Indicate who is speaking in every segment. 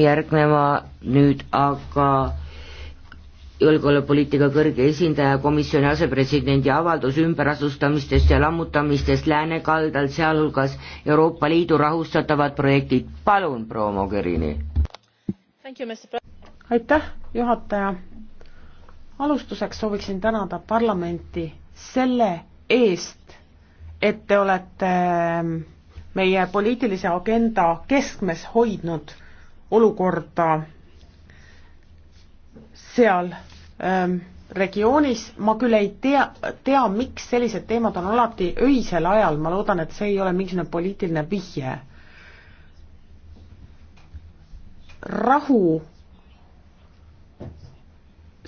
Speaker 1: järgneva nüüd aga julgeolekupoliitika kõrge esindaja, komisjoni asepresidendi avaldus ümberasustamistest ja lammutamistest lääne kaldal, sealhulgas Euroopa Liidu rahustatavad projektid. palun, proua Mogherini.
Speaker 2: aitäh, juhataja. alustuseks sooviksin tänada parlamenti selle eest, et te olete ähm, meie poliitilise agenda keskmes hoidnud olukorda seal ähm, regioonis, ma küll ei tea, tea, miks sellised teemad on alati öisel ajal, ma loodan, et see ei ole mingisugune poliitiline vihje. rahu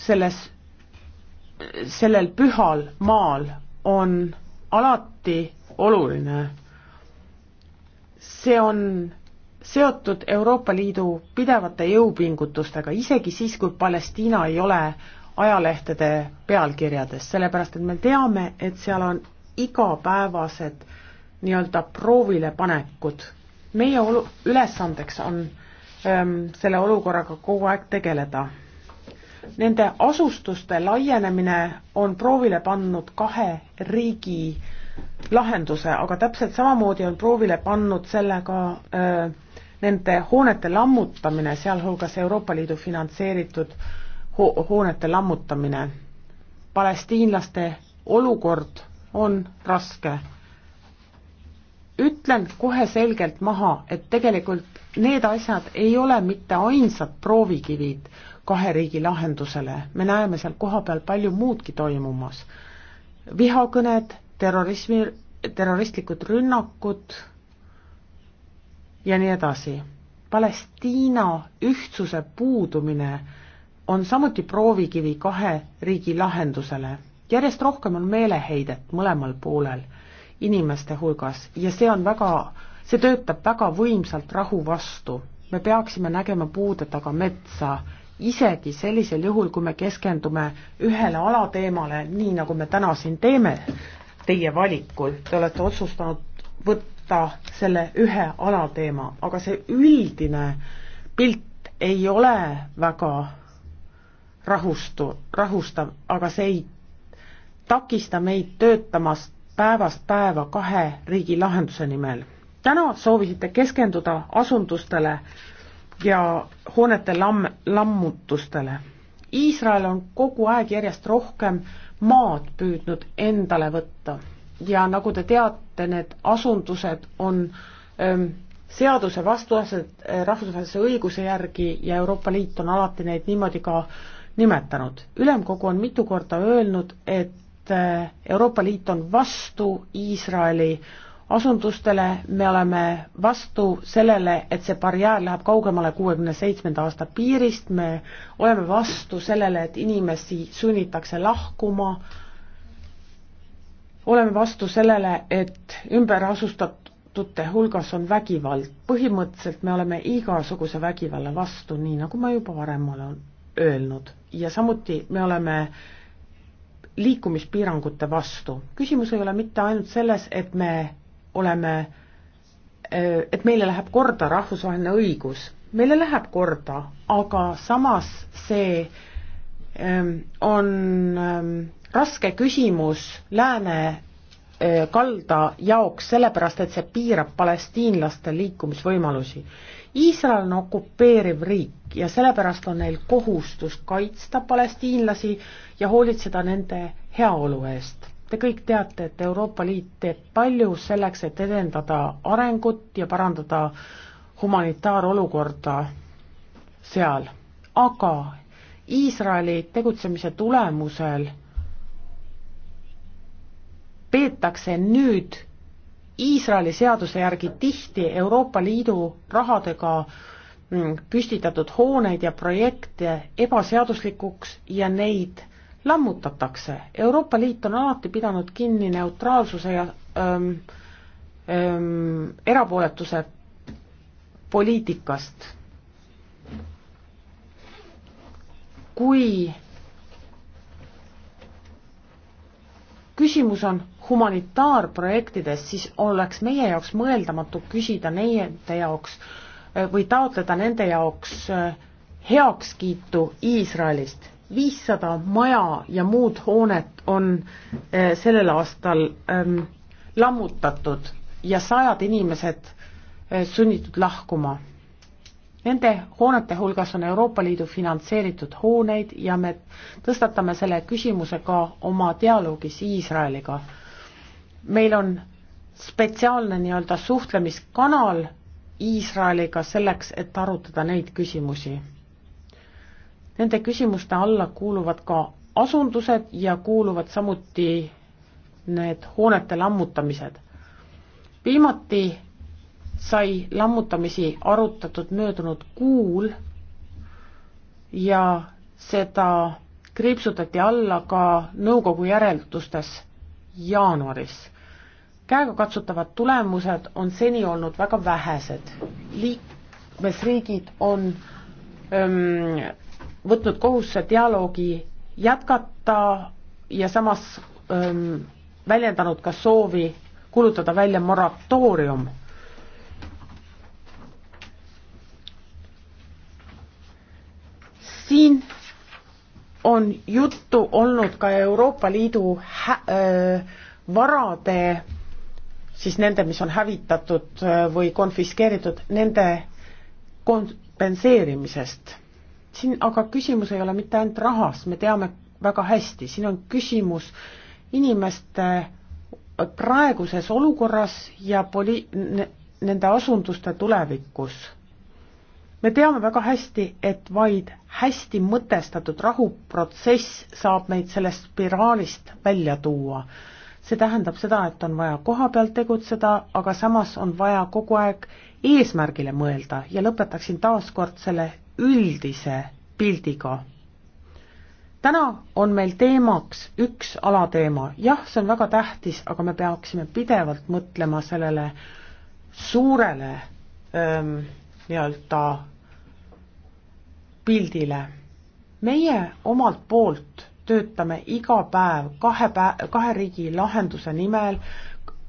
Speaker 2: selles, sellel pühal maal on alati oluline. see on seotud Euroopa Liidu pidevate jõupingutustega, isegi siis, kui Palestiina ei ole ajalehtede pealkirjades, sellepärast et me teame, et seal on igapäevased nii-öelda proovilepanekud. meie olu-, ülesandeks on ähm, selle olukorraga kogu aeg tegeleda. Nende asustuste laienemine on proovile pannud kahe riigi lahenduse, aga täpselt samamoodi on proovile pannud selle ka äh, nende hoonete lammutamine, sealhulgas Euroopa Liidu finantseeritud ho hoonete lammutamine. palestiinlaste olukord on raske. ütlen kohe selgelt maha, et tegelikult need asjad ei ole mitte ainsad proovikivid kahe riigi lahendusele, me näeme seal kohapeal palju muudki toimumas. vihakõned, terrorismi, terroristlikud rünnakud ja nii edasi. Palestiina ühtsuse puudumine on samuti proovikivi kahe riigi lahendusele. järjest rohkem on meeleheidet mõlemal poolel inimeste hulgas ja see on väga, see töötab väga võimsalt rahu vastu. me peaksime nägema puude taga metsa, isegi sellisel juhul, kui me keskendume ühele alateemale, nii nagu me täna siin teeme, teie valikul, te olete otsustanud võtta võtta selle ühe alateema, aga see üldine pilt ei ole väga rahustu, rahustav, aga see ei takista meid töötamast päevast päeva kahe riigi lahenduse nimel. täna soovisite keskenduda asundustele ja hoonete lamm, lammutustele. Iisrael on kogu aeg järjest rohkem maad püüdnud endale võtta ja nagu te teate, need asundused on öö, ähm, seaduse vastuased äh, rahvusvahelise õiguse järgi ja Euroopa Liit on alati neid niimoodi ka nimetanud. ülemkogu on mitu korda öelnud, et äh, Euroopa Liit on vastu Iisraeli asundustele, me oleme vastu sellele, et see barjäär läheb kaugemale kuuekümne seitsmenda aasta piirist, me oleme vastu sellele, et inimesi sunnitakse lahkuma äh, oleme vastu sellele, et ümberasustatute hulgas on vägivald. põhimõtteliselt me oleme igasuguse vägivalla vastu, nii nagu ma juba varem olen öelnud. ja samuti me oleme liikumispiirangute vastu. küsimus ei ole mitte ainult selles, et me oleme, äh, et meile läheb korda rahvusvaheline õigus, meile läheb korda, aga samas see ähm, on ähm, raske küsimus lääne kalda jaoks, sellepärast et see piirab palestiinlaste liikumisvõimalusi. Iisrael on okupeeriv riik ja sellepärast on neil kohustus kaitsta palestiinlasi ja hoolitseda nende heaolu eest. Te kõik teate, et Euroopa Liit teeb palju selleks, et edendada arengut ja parandada humanitaarolukorda seal, aga Iisraeli tegutsemise tulemusel peetakse nüüd Iisraeli seaduse järgi tihti Euroopa Liidu rahadega mm, püstitatud hooneid ja projekte ebaseaduslikuks ja neid lammutatakse. Euroopa Liit on alati pidanud kinni neutraalsuse ja ähm, ähm, erapooletuse poliitikast. kui küsimus on humanitaarprojektides, siis oleks meie jaoks mõeldamatu küsida nende jaoks eh, või taotleda nende jaoks eh, heakskiitu Iisraelist. viissada maja ja muud hoonet on eh, sellel aastal ähm, lammutatud ja sajad inimesed sunnitud lahkuma Nende hoonete hulgas on Euroopa Liidu finantseeritud hooneid ja me tõstatame selle küsimuse ka oma dialoogis Iisraeliga. meil on spetsiaalne nii-öelda suhtlemiskanal Iisraeliga selleks, et arutada neid küsimusi. Nende küsimuste alla kuuluvad ka asundused ja kuuluvad samuti need hoonete lammutamised. viimati sai lammutamisi arutatud möödunud kuul ja seda kriipsutati alla ka nõukogu järeldustes jaanuaris. käegakatsutavad tulemused on seni olnud väga vähesed. liikmesriigid on öö, võtnud kohusse dialoogi jätkata ja samas öö, väljendanud ka soovi kuulutada välja moratoorium siin on juttu olnud ka Euroopa Liidu hä-, äh, varade, siis nende, mis on hävitatud äh, või konfiskeeritud, nende kompenseerimisest. siin aga küsimus ei ole mitte ainult rahas, me teame väga hästi, siin on küsimus inimeste praeguses olukorras ja poli-, nende asunduste tulevikus me teame väga hästi, et vaid hästi mõtestatud rahuprotsess saab meid sellest spiraalist välja tuua. see tähendab seda, et on vaja kohapeal tegutseda, aga samas on vaja kogu aeg eesmärgile mõelda ja lõpetaksin taas kord selle üldise pildiga. täna on meil teemaks üks alateema, jah, see on väga tähtis, aga me peaksime pidevalt mõtlema sellele suurele öö, ähm, nii-öelda pildile. meie omalt poolt töötame iga päev kahe päev, kahe riigi lahenduse nimel,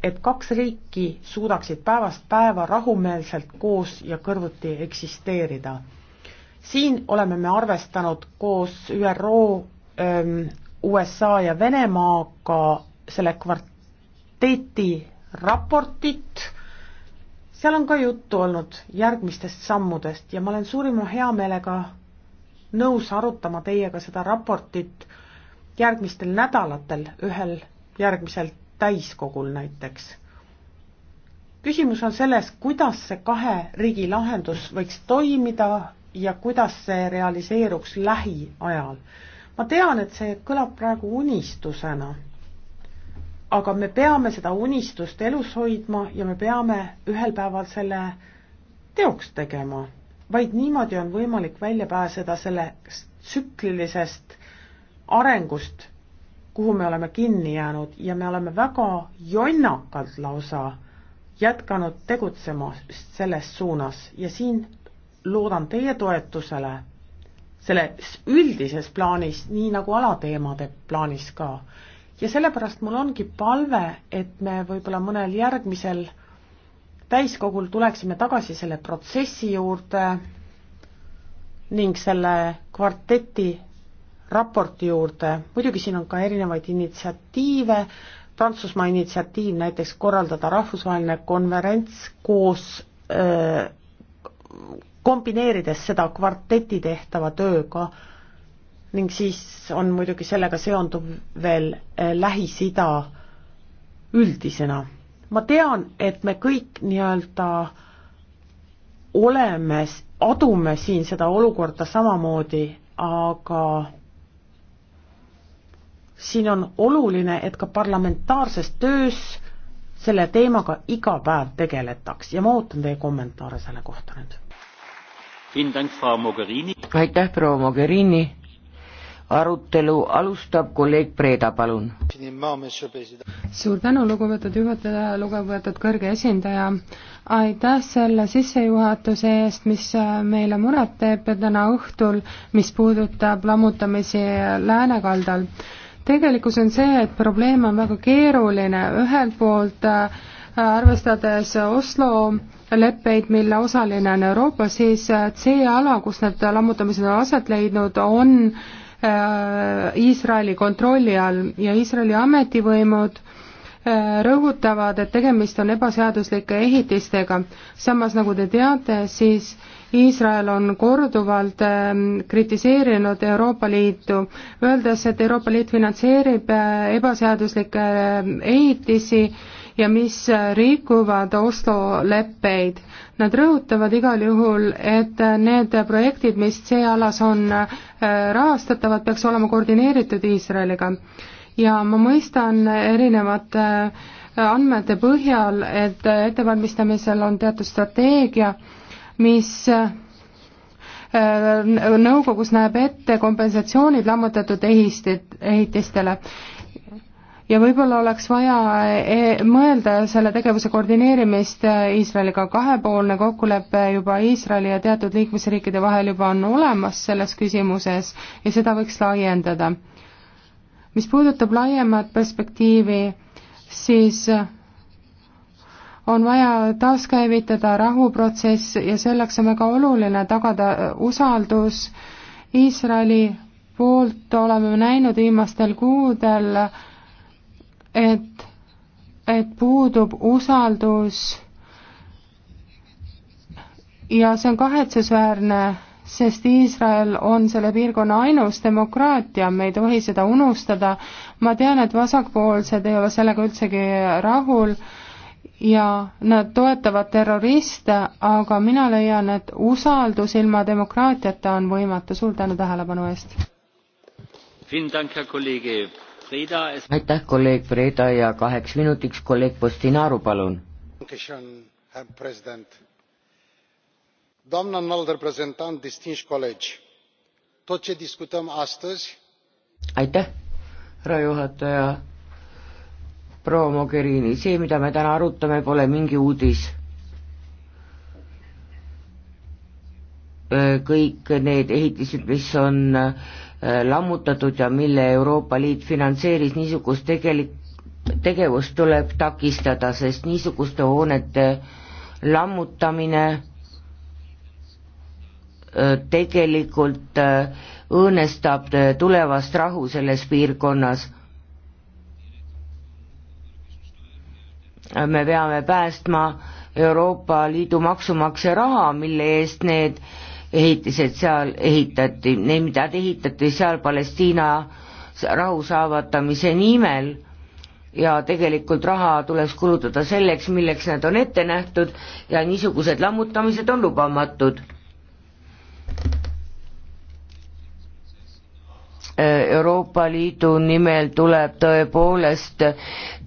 Speaker 2: et kaks riiki suudaksid päevast päeva rahumeelselt koos ja kõrvuti eksisteerida. siin oleme me arvestanud koos ÜRO, ähm, USA ja Venemaaga selle kvarteti raportit seal on ka juttu olnud järgmistest sammudest ja ma olen suurima heameelega nõus arutama teiega seda raportit järgmistel nädalatel, ühel järgmisel täiskogul näiteks. küsimus on selles, kuidas see kahe riigi lahendus võiks toimida ja kuidas see realiseeruks lähiajal. ma tean, et see kõlab praegu unistusena aga me peame seda unistust elus hoidma ja me peame ühel päeval selle teoks tegema. vaid niimoodi on võimalik välja pääseda sellest tsüklilisest arengust, kuhu me oleme kinni jäänud ja me oleme väga jonnakalt lausa jätkanud tegutsema selles suunas ja siin loodan teie toetusele selles üldises plaanis, nii nagu alateemade plaanis ka ja sellepärast mul ongi palve, et me võib-olla mõnel järgmisel täiskogul tuleksime tagasi selle protsessi juurde ning selle kvarteti raporti juurde, muidugi siin on ka erinevaid initsiatiive, Prantsusmaa initsiatiiv näiteks korraldada rahvusvaheline konverents koos öö, kombineerides seda kvarteti tehtava tööga ning siis on muidugi sellega seonduv veel eh, Lähis-Ida üldisena. ma tean, et me kõik nii-öelda oleme, adume siin seda olukorda samamoodi, aga siin on oluline, et ka parlamentaarses töös selle teemaga iga päev tegeletaks ja ma ootan teie kommentaare selle kohta nüüd.
Speaker 1: aitäh, proua Mogherini! arutelu alustab kolleeg Preeda, palun.
Speaker 3: suur tänu, lugupeetud juhataja, lugupeetud kõrge esindaja. aitäh selle sissejuhatuse eest, mis äh, meile muret teeb täna õhtul, mis puudutab lammutamisi läänekaldal. tegelikkus on see, et probleem on väga keeruline, ühelt poolt äh, arvestades Oslo leppeid, mille osaline on Euroopa, siis äh, C-ala, kus need lammutamised on aset leidnud, on Äh, Iisraeli kontrolli all ja Iisraeli ametivõimud äh, rõhutavad, et tegemist on ebaseaduslike ehitistega. samas, nagu te teate, siis Iisrael on korduvalt ähm, kritiseerinud Euroopa Liitu, öeldes, et Euroopa Liit finantseerib äh, ebaseaduslikke ehitisi ja mis rikuvad Oslo leppeid. Nad rõhutavad igal juhul, et need projektid, mis see alas on äh, rahastatavad, peaks olema koordineeritud Iisraeliga. ja ma mõistan erinevate äh, andmete põhjal, et ettevalmistamisel on teatud strateegia, mis äh, nõukogus näeb ette kompensatsioonid lammutatud ehistid, ehitistele ja võib-olla oleks vaja e, mõelda selle tegevuse koordineerimist e, Iisraeliga, kahepoolne kokkulepe juba Iisraeli ja teatud liikmesriikide vahel juba on olemas selles küsimuses ja seda võiks laiendada. mis puudutab laiemat perspektiivi, siis e, on vaja taaskäivitada rahuprotsess ja selleks on väga oluline tagada usaldus Iisraeli poolt oleme näinud viimastel kuudel äh, et, et puudub usaldus ja see on kahetsusväärne, sest Iisrael on selle piirkonna ainus demokraatia, me ei tohi seda unustada. ma tean, et vasakpoolsed ei ole sellega üldsegi rahul ja nad toetavad terroriste, aga mina leian, et usaldus ilma demokraatiata on võimatu. suur tänu tähelepanu eest!
Speaker 1: aitäh, kolleeg Freda ja kaheks minutiks kolleeg Postinaru, palun.
Speaker 4: doamnă înalt reprezentant, distinși colegi, tot ce discutăm astăzi.
Speaker 1: aitäh, härra juhataja, proua Mogherini, see, mida me täna arutame, pole mingi uudis kõik need ehitised, mis on Äh, lammutatud ja mille Euroopa Liit finantseeris, niisugust tegelik, tegevust tuleb takistada, sest niisuguste hoonete lammutamine äh, tegelikult äh, õõnestab tulevast rahu selles piirkonnas me peame päästma Euroopa Liidu maksumaksja raha, mille eest need ehitised seal ehitati, need, mida ehitati seal Palestiina rahu saavutamise nimel ja tegelikult raha tuleks kulutada selleks, milleks nad on ette nähtud ja niisugused lammutamised on lubamatud. Euroopa Liidu nimel tuleb tõepoolest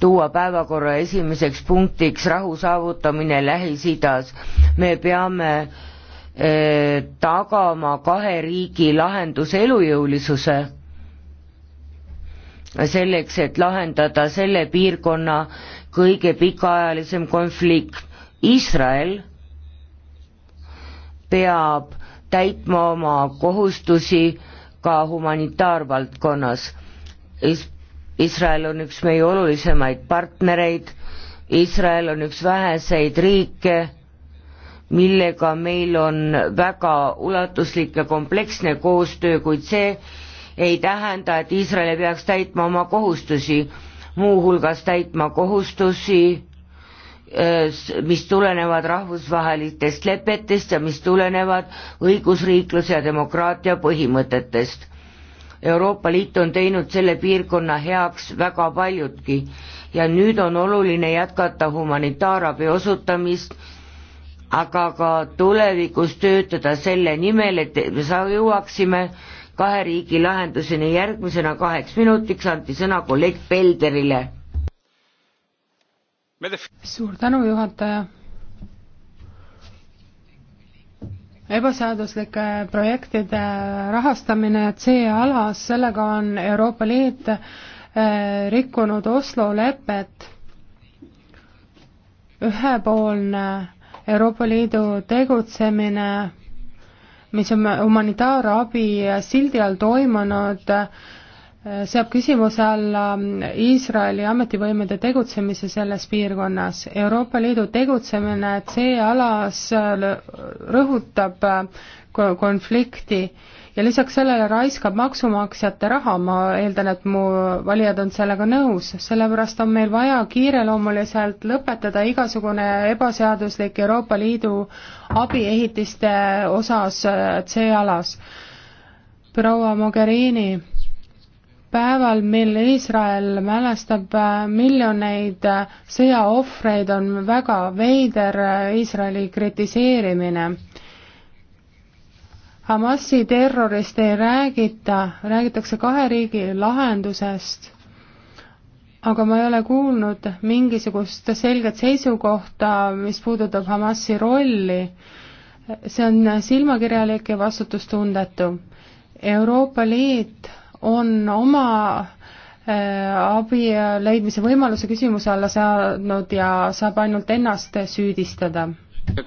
Speaker 1: tuua päevakorra esimeseks punktiks rahu saavutamine Lähis-Idas. me peame äh, tagama kahe riigi lahenduse elujõulisuse, selleks, et lahendada selle piirkonna kõige pikaajalisem konflikt. Iisrael peab täitma oma kohustusi ka humanitaarvaldkonnas. Iisrael on üks meie olulisemaid partnereid, Iisrael on üks väheseid riike, millega meil on väga ulatuslik ja kompleksne koostöö, kuid see ei tähenda, et Iisrael ei peaks täitma oma kohustusi, muuhulgas täitma kohustusi, äh, mis tulenevad rahvusvahelistest lepetest ja mis tulenevad õigusriikluse ja demokraatia põhimõtetest. Euroopa Liit on teinud selle piirkonna heaks väga paljudki ja nüüd on oluline jätkata humanitaarabi osutamist aga ka tulevikus töötada selle nimel, et me jõuaksime kahe riigi lahenduseni, järgmisena kaheks minutiks anti sõna kolleeg Pelderile.
Speaker 3: suur tänu, juhataja. ebaseaduslike projektide rahastamine C-alas, sellega on Euroopa Liit eh, rikkunud Oslo lepet. ühepoolne Euroopa Liidu tegutsemine, mis on humanitaarabi sildi all toimunud, seab küsimuse alla Iisraeli ametivõimude tegutsemise selles piirkonnas. Euroopa Liidu tegutsemine C-alas rõhutab konflikti ja lisaks sellele raiskab maksumaksjate raha, ma eeldan, et mu valijad on sellega nõus, sellepärast on meil vaja kiireloomuliselt lõpetada igasugune ebaseaduslik Euroopa Liidu abiehitiste osas äh, C-alas. proua Mogherini, päeval, mil Iisrael mälestab äh, miljoneid äh, sõjaohvreid, on väga veider Iisraeli kritiseerimine Hamasi terrorist ei räägita, räägitakse kahe riigi lahendusest, aga ma ei ole kuulnud mingisugust selget seisukohta, mis puudutab Hamasi rolli. see on silmakirjalik ja vastutustundetu. Euroopa Liit on oma äh, abi leidmise võimaluse küsimuse alla seadnud ja saab ainult ennast süüdistada.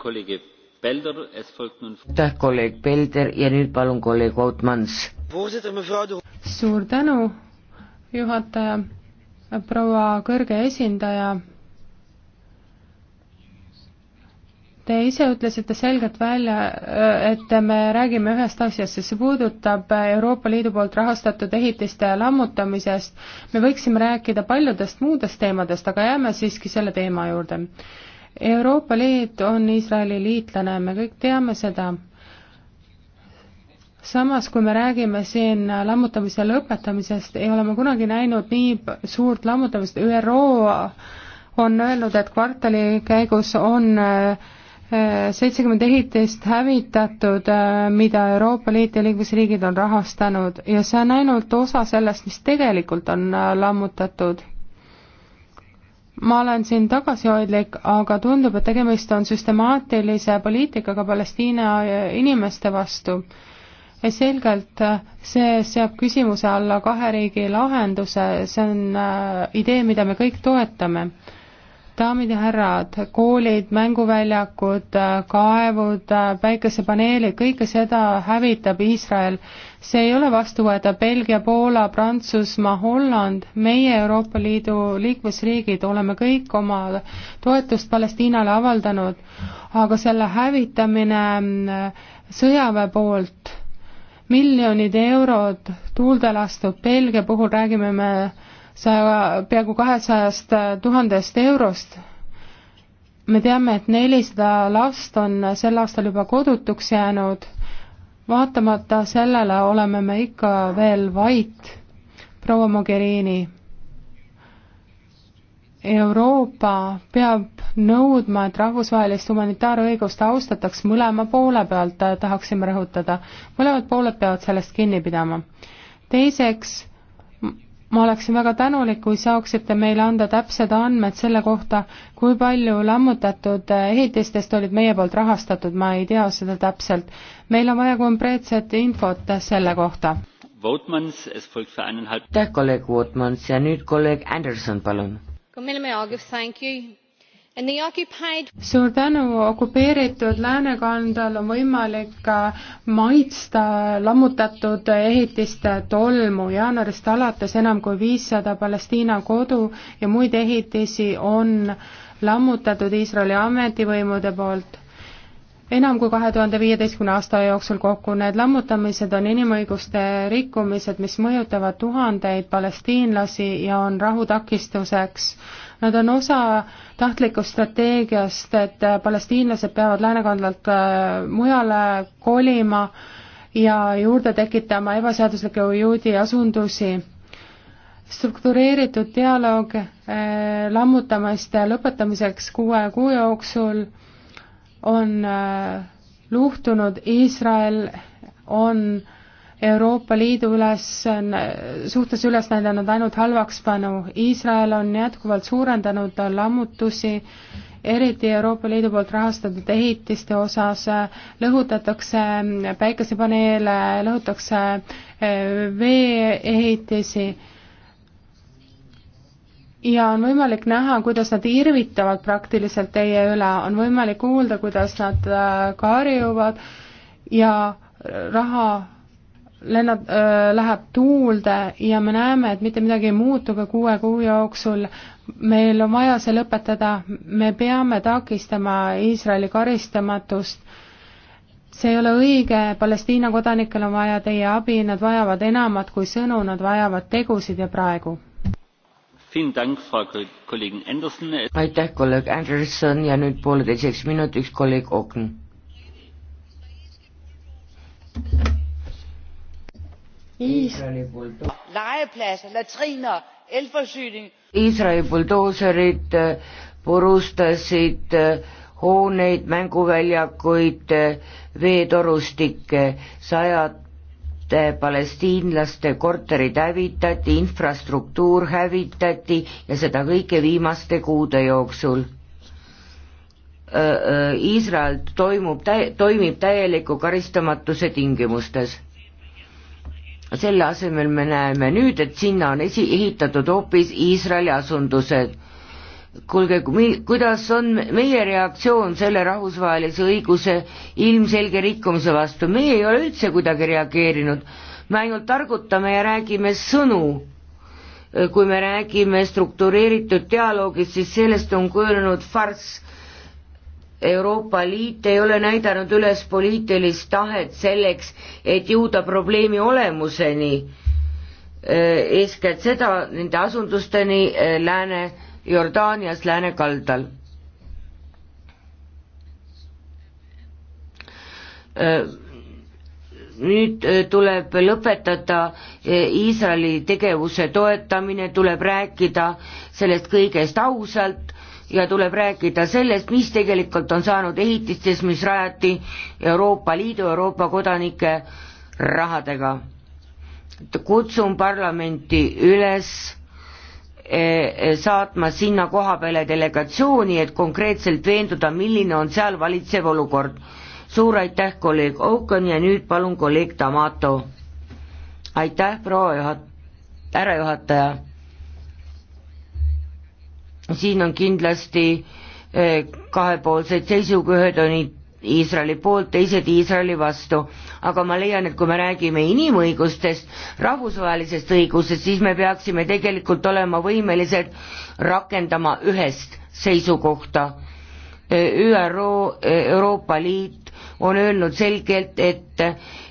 Speaker 4: kolleegid, aitäh,
Speaker 3: kolleeg Pelder ja
Speaker 1: nüüd palun kolleeg Outmans.
Speaker 3: suur tänu, juhataja, proua kõrge esindaja. Te ise ütlesite selgelt välja, et me räägime ühest asjast, sest see puudutab Euroopa Liidu poolt rahastatud ehitiste lammutamisest. me võiksime rääkida paljudest muudest teemadest, aga jääme siiski selle teema juurde Euroopa Liit on Iisraeli liitlane, me kõik teame seda. samas, kui me räägime siin lammutamise lõpetamisest, ei ole ma kunagi näinud nii suurt lammutamist, ÜRO on öelnud, et kvartali käigus on äh, seitsekümmend ehitist hävitatud, äh, mida Euroopa Liit ja liikmesriigid on rahastanud ja see on ainult osa sellest, mis tegelikult on äh, lammutatud ma olen siin tagasihoidlik, aga tundub, et tegemist on süstemaatilise poliitikaga Palestiina äh, inimeste vastu. selgelt äh, see seab küsimuse alla kahe riigi lahenduse, see on äh, idee, mida me kõik toetame. daamid ja härrad, koolid, mänguväljakud, kaevud, päikesepaneelid, kõike seda hävitab Iisrael see ei ole vastuvõetav, Belgia, Poola, Prantsusmaa, Holland, meie Euroopa Liidu liikmesriigid oleme kõik oma toetust Palestiinale avaldanud, aga selle hävitamine mm, sõjaväe poolt, miljonid eurod tuulde lastud, Belgia puhul räägime me saja, peaaegu kahesajast tuhandest eurost, me teame, et nelisada last on sel aastal juba kodutuks jäänud vaatamata sellele oleme me ikka veel vait, proua Mogherini. Euroopa peab nõudma, et rahvusvahelist humanitaarõigust austataks mõlema poole pealt, tahaksime rõhutada. mõlemad pooled peavad sellest kinni pidama. teiseks ma oleksin väga tänulik, kui saaksite meile anda täpsed andmed selle kohta, kui palju lammutatud ehitistest olid meie poolt rahastatud, ma ei tea seda täpselt. meil on vaja konkreetset infot selle kohta.
Speaker 4: aitäh, kolleeg Vootmans
Speaker 1: ja nüüd kolleeg Anderson, palun.
Speaker 3: Occupied... suur tänu, okupeeritud läänekandal on võimalik äh, maitsta lammutatud ehitiste tolmu. jaanuarist alates enam kui viissada Palestiina kodu ja muid ehitisi on lammutatud Iisraeli ametivõimude poolt enam kui kahe tuhande viieteistkümne aasta jooksul kokku. Need lammutamised on inimõiguste rikkumised, mis mõjutavad tuhandeid palestiinlasi ja on rahu takistuseks Nad on osa tahtlikust strateegiast, et äh, palestiinlased peavad läänekandlalt äh, mujale kolima ja juurde tekitama ebaseaduslikke juudi asundusi. struktureeritud dialoog äh, lammutamiste lõpetamiseks kuue kuu jooksul on luhtunud, Iisrael on Euroopa Liidu üles, suhtes üles näidanud ainult halvakspanu. Iisrael on jätkuvalt suurendanud lammutusi, eriti Euroopa Liidu poolt rahastatud ehitiste osas, lõhutatakse päikesepaneele, lõhutakse eh, veeehitisi ja on võimalik näha, kuidas nad irvitavad praktiliselt teie üle, on võimalik kuulda, kuidas nad eh, karjuvad ja raha lennab äh,, läheb tuulde ja me näeme, et mitte midagi ei muutu ka kuue kuu jooksul, meil on vaja see lõpetada, me peame takistama Iisraeli karistamatust, see ei ole õige, Palestiina kodanikel on vaja teie abi, nad vajavad enamat kui sõnu, nad vajavad tegusid ja praegu.
Speaker 4: aitäh, kolleeg Anderson ja nüüd
Speaker 1: pooleteiseks minutiks kolleeg Okn. Iisraeli buldooserid äh, purustasid äh, hooneid, mänguväljakuid, äh, veetorustikke, sajad palestiinlaste korterid hävitati, infrastruktuur hävitati ja seda kõike viimaste kuude jooksul Iisrael toimub, toimib täieliku karistamatuse tingimustes selle asemel me näeme nüüd, et sinna on esi-, ehitatud hoopis Iisraeli asundused. kuulge, kuidas on meie reaktsioon selle rahvusvahelise õiguse ilmselge rikkumise vastu, meie ei ole üldse kuidagi reageerinud, me ainult targutame ja räägime sõnu. kui me räägime struktureeritud dialoogist, siis sellest on kujunenud farss Euroopa Liit ei ole näidanud üles poliitilist tahet selleks, et jõuda probleemi olemuseni, äh, eeskätt seda, nende asundusteni äh, Lääne-Jordaanias, Lääne kaldal. Äh, nüüd tuleb lõpetada Iisraeli tegevuse toetamine, tuleb rääkida sellest kõigest ausalt, ja tuleb rääkida sellest, mis tegelikult on saanud ehitistest, mis rajati Euroopa Liidu, Euroopa kodanike rahadega. kutsun parlamenti üles eh, eh, saatma sinna koha peale delegatsiooni, et konkreetselt veenduda, milline on seal valitsev olukord. suur aitäh, kolleeg Oukon ja nüüd palun kolleeg Tamato. aitäh, proua juhat-, härra juhataja siin on kindlasti eh, kahepoolseid seisukohad, on Iisraeli poolt, teised Iisraeli vastu. aga ma leian, et kui me räägime inimõigustest, rahvusvahelisest õigusest, siis me peaksime tegelikult olema võimelised rakendama ühest seisukohta. Eh, ÜRO, eh, Euroopa Liit on öelnud selgelt, et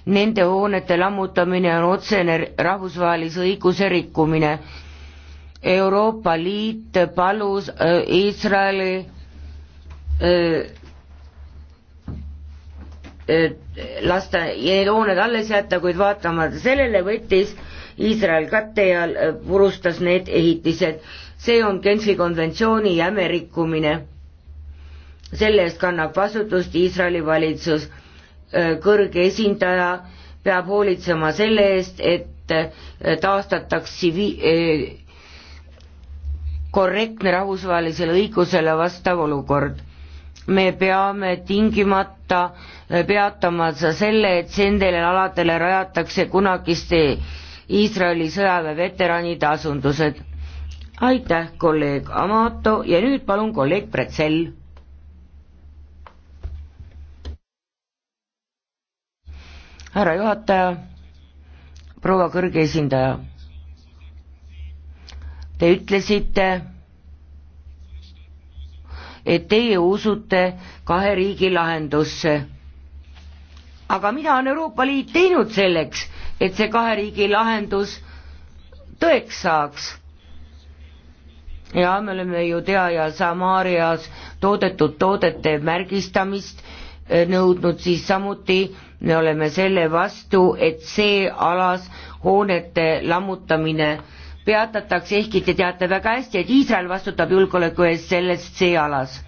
Speaker 1: nende hoonete lammutamine on otsene rahvusvahelise õiguse rikkumine Euroopa Liit palus äh, Iisraeli äh, äh, lasta need hooned alles jätta, kuid vaatamata sellele võttis Iisrael katte ja purustas need ehitised. see on Genfi konventsiooni jäme rikkumine. selle eest kannab vastutust Iisraeli valitsus. kõrge esindaja peab hoolitsema selle eest, et taastataks tsivi-, korrektne rahvusvahelisele õigusele vastav olukord. me peame tingimata eh, peatama selle, et nendele aladele rajatakse kunagiste Iisraeli sõjaväe veteranide asundused. aitäh, kolleeg Amato ja nüüd palun kolleeg Pretzel. härra juhataja, proua kõrge esindaja Te ütlesite, et teie usute kahe riigi lahendusse. aga mida on Euroopa Liit teinud selleks, et see kahe riigi lahendus tõeks saaks? ja me oleme ju teaja Samaarias toodetud toodete märgistamist eh, nõudnud, siis samuti me oleme selle vastu, et see alas hoonete lammutamine äh, peatatakse, ehkki te teate väga hästi, et Iisrael vastutab julgeoleku eest selles seealas.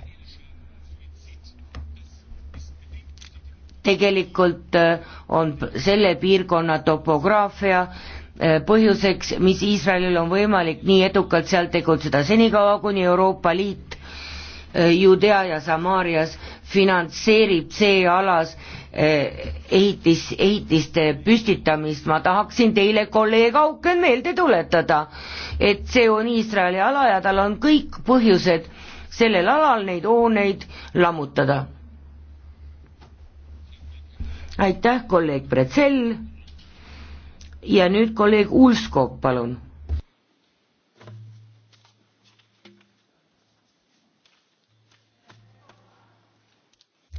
Speaker 1: tegelikult äh, on selle piirkonna topograafia äh, põhjuseks, mis Iisraelil on võimalik nii edukalt seal tegutseda, senikaua kuni Euroopa Liit äh, Judea ja Samaarias finantseerib seealas ehitis, ehitiste püstitamist, ma tahaksin teile, kolleeg Auken, meelde tuletada, et see on Iisraeli ala ja tal on kõik põhjused sellel alal neid hooneid lammutada. aitäh, kolleeg Pretzel ja nüüd kolleeg Ulskog, palun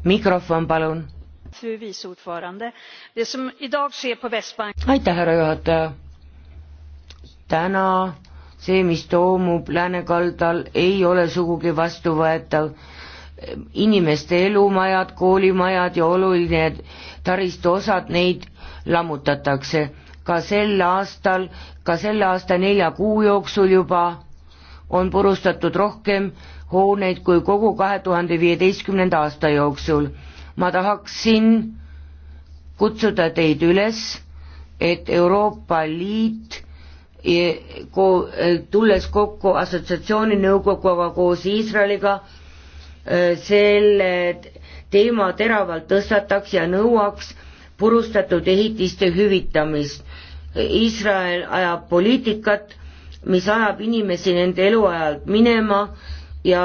Speaker 1: mikrofon palun aitäh, härra juhataja. täna see, mis toimub läänekaldal, ei ole sugugi vastuvõetav. inimeste elumajad, koolimajad ja oluline taristu osad, neid lammutatakse. ka sel aastal, ka selle aasta nelja kuu jooksul juba on purustatud rohkem hooneid kui kogu kahe tuhande viieteistkümnenda aasta jooksul ma tahaksin kutsuda teid üles, et Euroopa Liit eh, ko-, eh, tulles kokku assotsiatsiooni nõukoguga koos Iisraeliga, eh, selle teema teravalt tõstataks ja nõuaks purustatud ehitiste hüvitamist. Iisrael ajab poliitikat, mis ajab inimesi nende eluajalt minema ja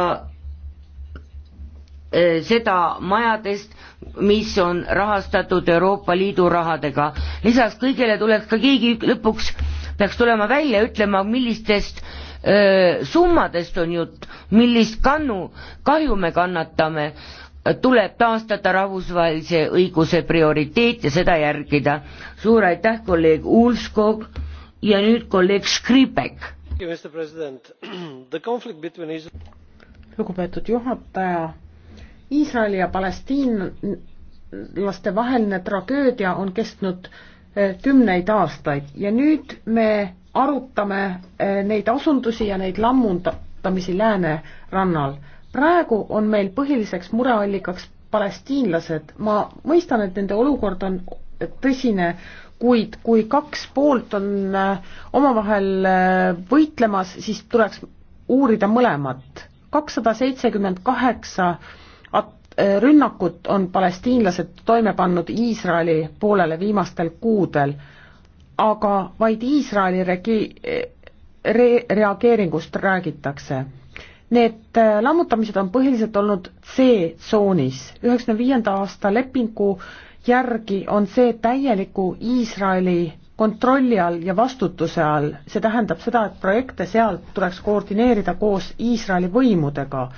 Speaker 1: Eh, seda majadest, mis on rahastatud Euroopa Liidu rahadega. lisaks kõigele tuleks ka keegi lõpuks, peaks tulema välja ütlema, millistest öö, eh, summadest on jutt, millist kannu, kahju me kannatame, tuleb taastada rahvusvahelise õiguse prioriteet ja seda järgida. suur aitäh, kolleeg Ulskog ja nüüd kolleeg Škripek. lugupeetud juhataja
Speaker 2: Iisraeli ja palestiinlaste vaheline tragöödia on kestnud eh, kümneid aastaid ja nüüd me arutame eh, neid asundusi ja neid lammutamisi läänerannal. praegu on meil põhiliseks mureallikaks palestiinlased, ma mõistan, et nende olukord on tõsine, kuid kui kaks poolt on eh, omavahel võitlemas, siis tuleks uurida mõlemat. kakssada seitsekümmend kaheksa Eh, rünnakut on palestiinlased toime pannud Iisraeli poolele viimastel kuudel, aga vaid Iisraeli regi-, eh, re-, reageeringust räägitakse. Need eh, lammutamised on põhiliselt olnud C-tsoonis, üheksakümne viienda aasta lepingu järgi on see täieliku Iisraeli kontrolli all ja vastutuse all, see tähendab seda, et projekte seal tuleks koordineerida koos Iisraeli võimudega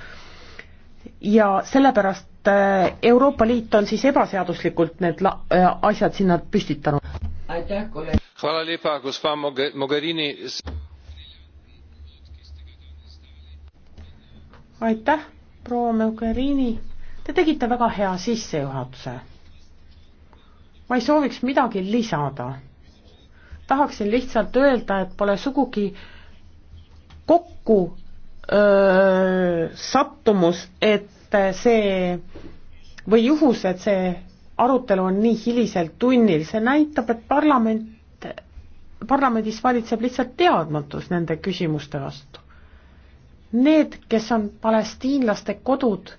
Speaker 2: ja sellepärast äh, Euroopa Liit on siis ebaseaduslikult need la-, äh, asjad sinna püstitanud.
Speaker 4: aitäh, kolleeg.
Speaker 2: aitäh, proua Mogherini, te tegite väga hea sissejuhatuse. ma ei sooviks midagi lisada. tahaksin lihtsalt öelda, et pole sugugi kokku öö, sattumus, et see või juhus, et see arutelu on nii hilisel tunnil, see näitab, et parlament, parlamendis valitseb lihtsalt teadmatus nende küsimuste vastu. Need, kes on palestiinlaste kodud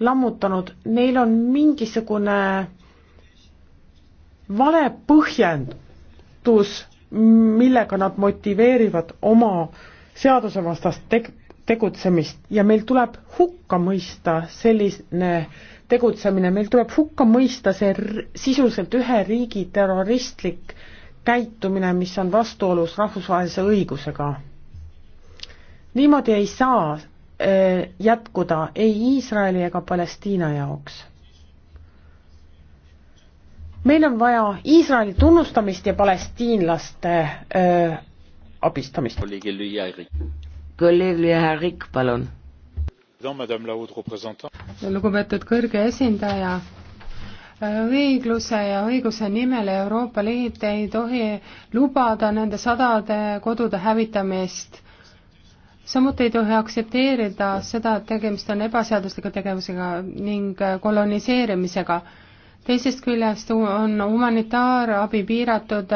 Speaker 2: lammutanud, neil on mingisugune vale põhjendus, millega nad motiveerivad oma seadusevastast teg-, tegutsemist ja meil tuleb hukka mõista selline tegutsemine, meil tuleb hukka mõista see sisuliselt ühe riigi terroristlik käitumine, mis on vastuolus rahvusvahelise õigusega. niimoodi ei saa äh, jätkuda ei Iisraeli ega Palestiina jaoks. meil on vaja Iisraeli tunnustamist ja palestiinlaste öö, äh, abistamist
Speaker 1: kolleeg
Speaker 3: Lühe-Rikk, palun. lugupeetud kõrge esindaja õigluse ja õiguse nimel Euroopa Liit ei tohi lubada nende sadade kodude hävitamist. samuti ei tohi aktsepteerida seda, et tegemist on ebaseadusliku tegevusega ning koloniseerimisega. teisest küljest on humanitaarabi piiratud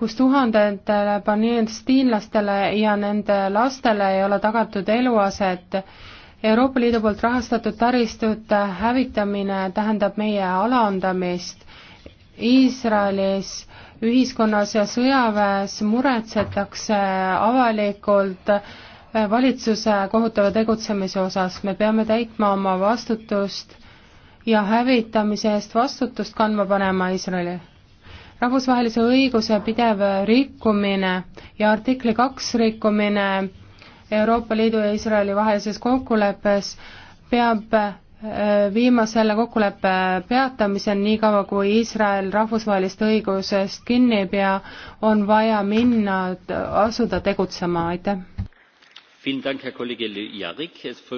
Speaker 3: kus tuhandetele palestiinlastele ja nende lastele ei ole tagatud eluaset. Euroopa Liidu poolt rahastatud taristute hävitamine tähendab meie alandamist. Iisraelis ühiskonnas ja sõjaväes muretsetakse avalikult valitsuse kohutava tegutsemise osas, me peame täitma oma vastutust ja hävitamise eest vastutust kandma panema Iisraeli rahvusvahelise õiguse pidev rikkumine ja artikli kaks rikkumine Euroopa Liidu ja Iisraeli vahelises kokkuleppes peab äh, viima selle kokkuleppe peatamiseni, niikaua kui Iisrael rahvusvahelist õigusest kinni ei pea, on vaja minna, asuda tegutsema, aitäh.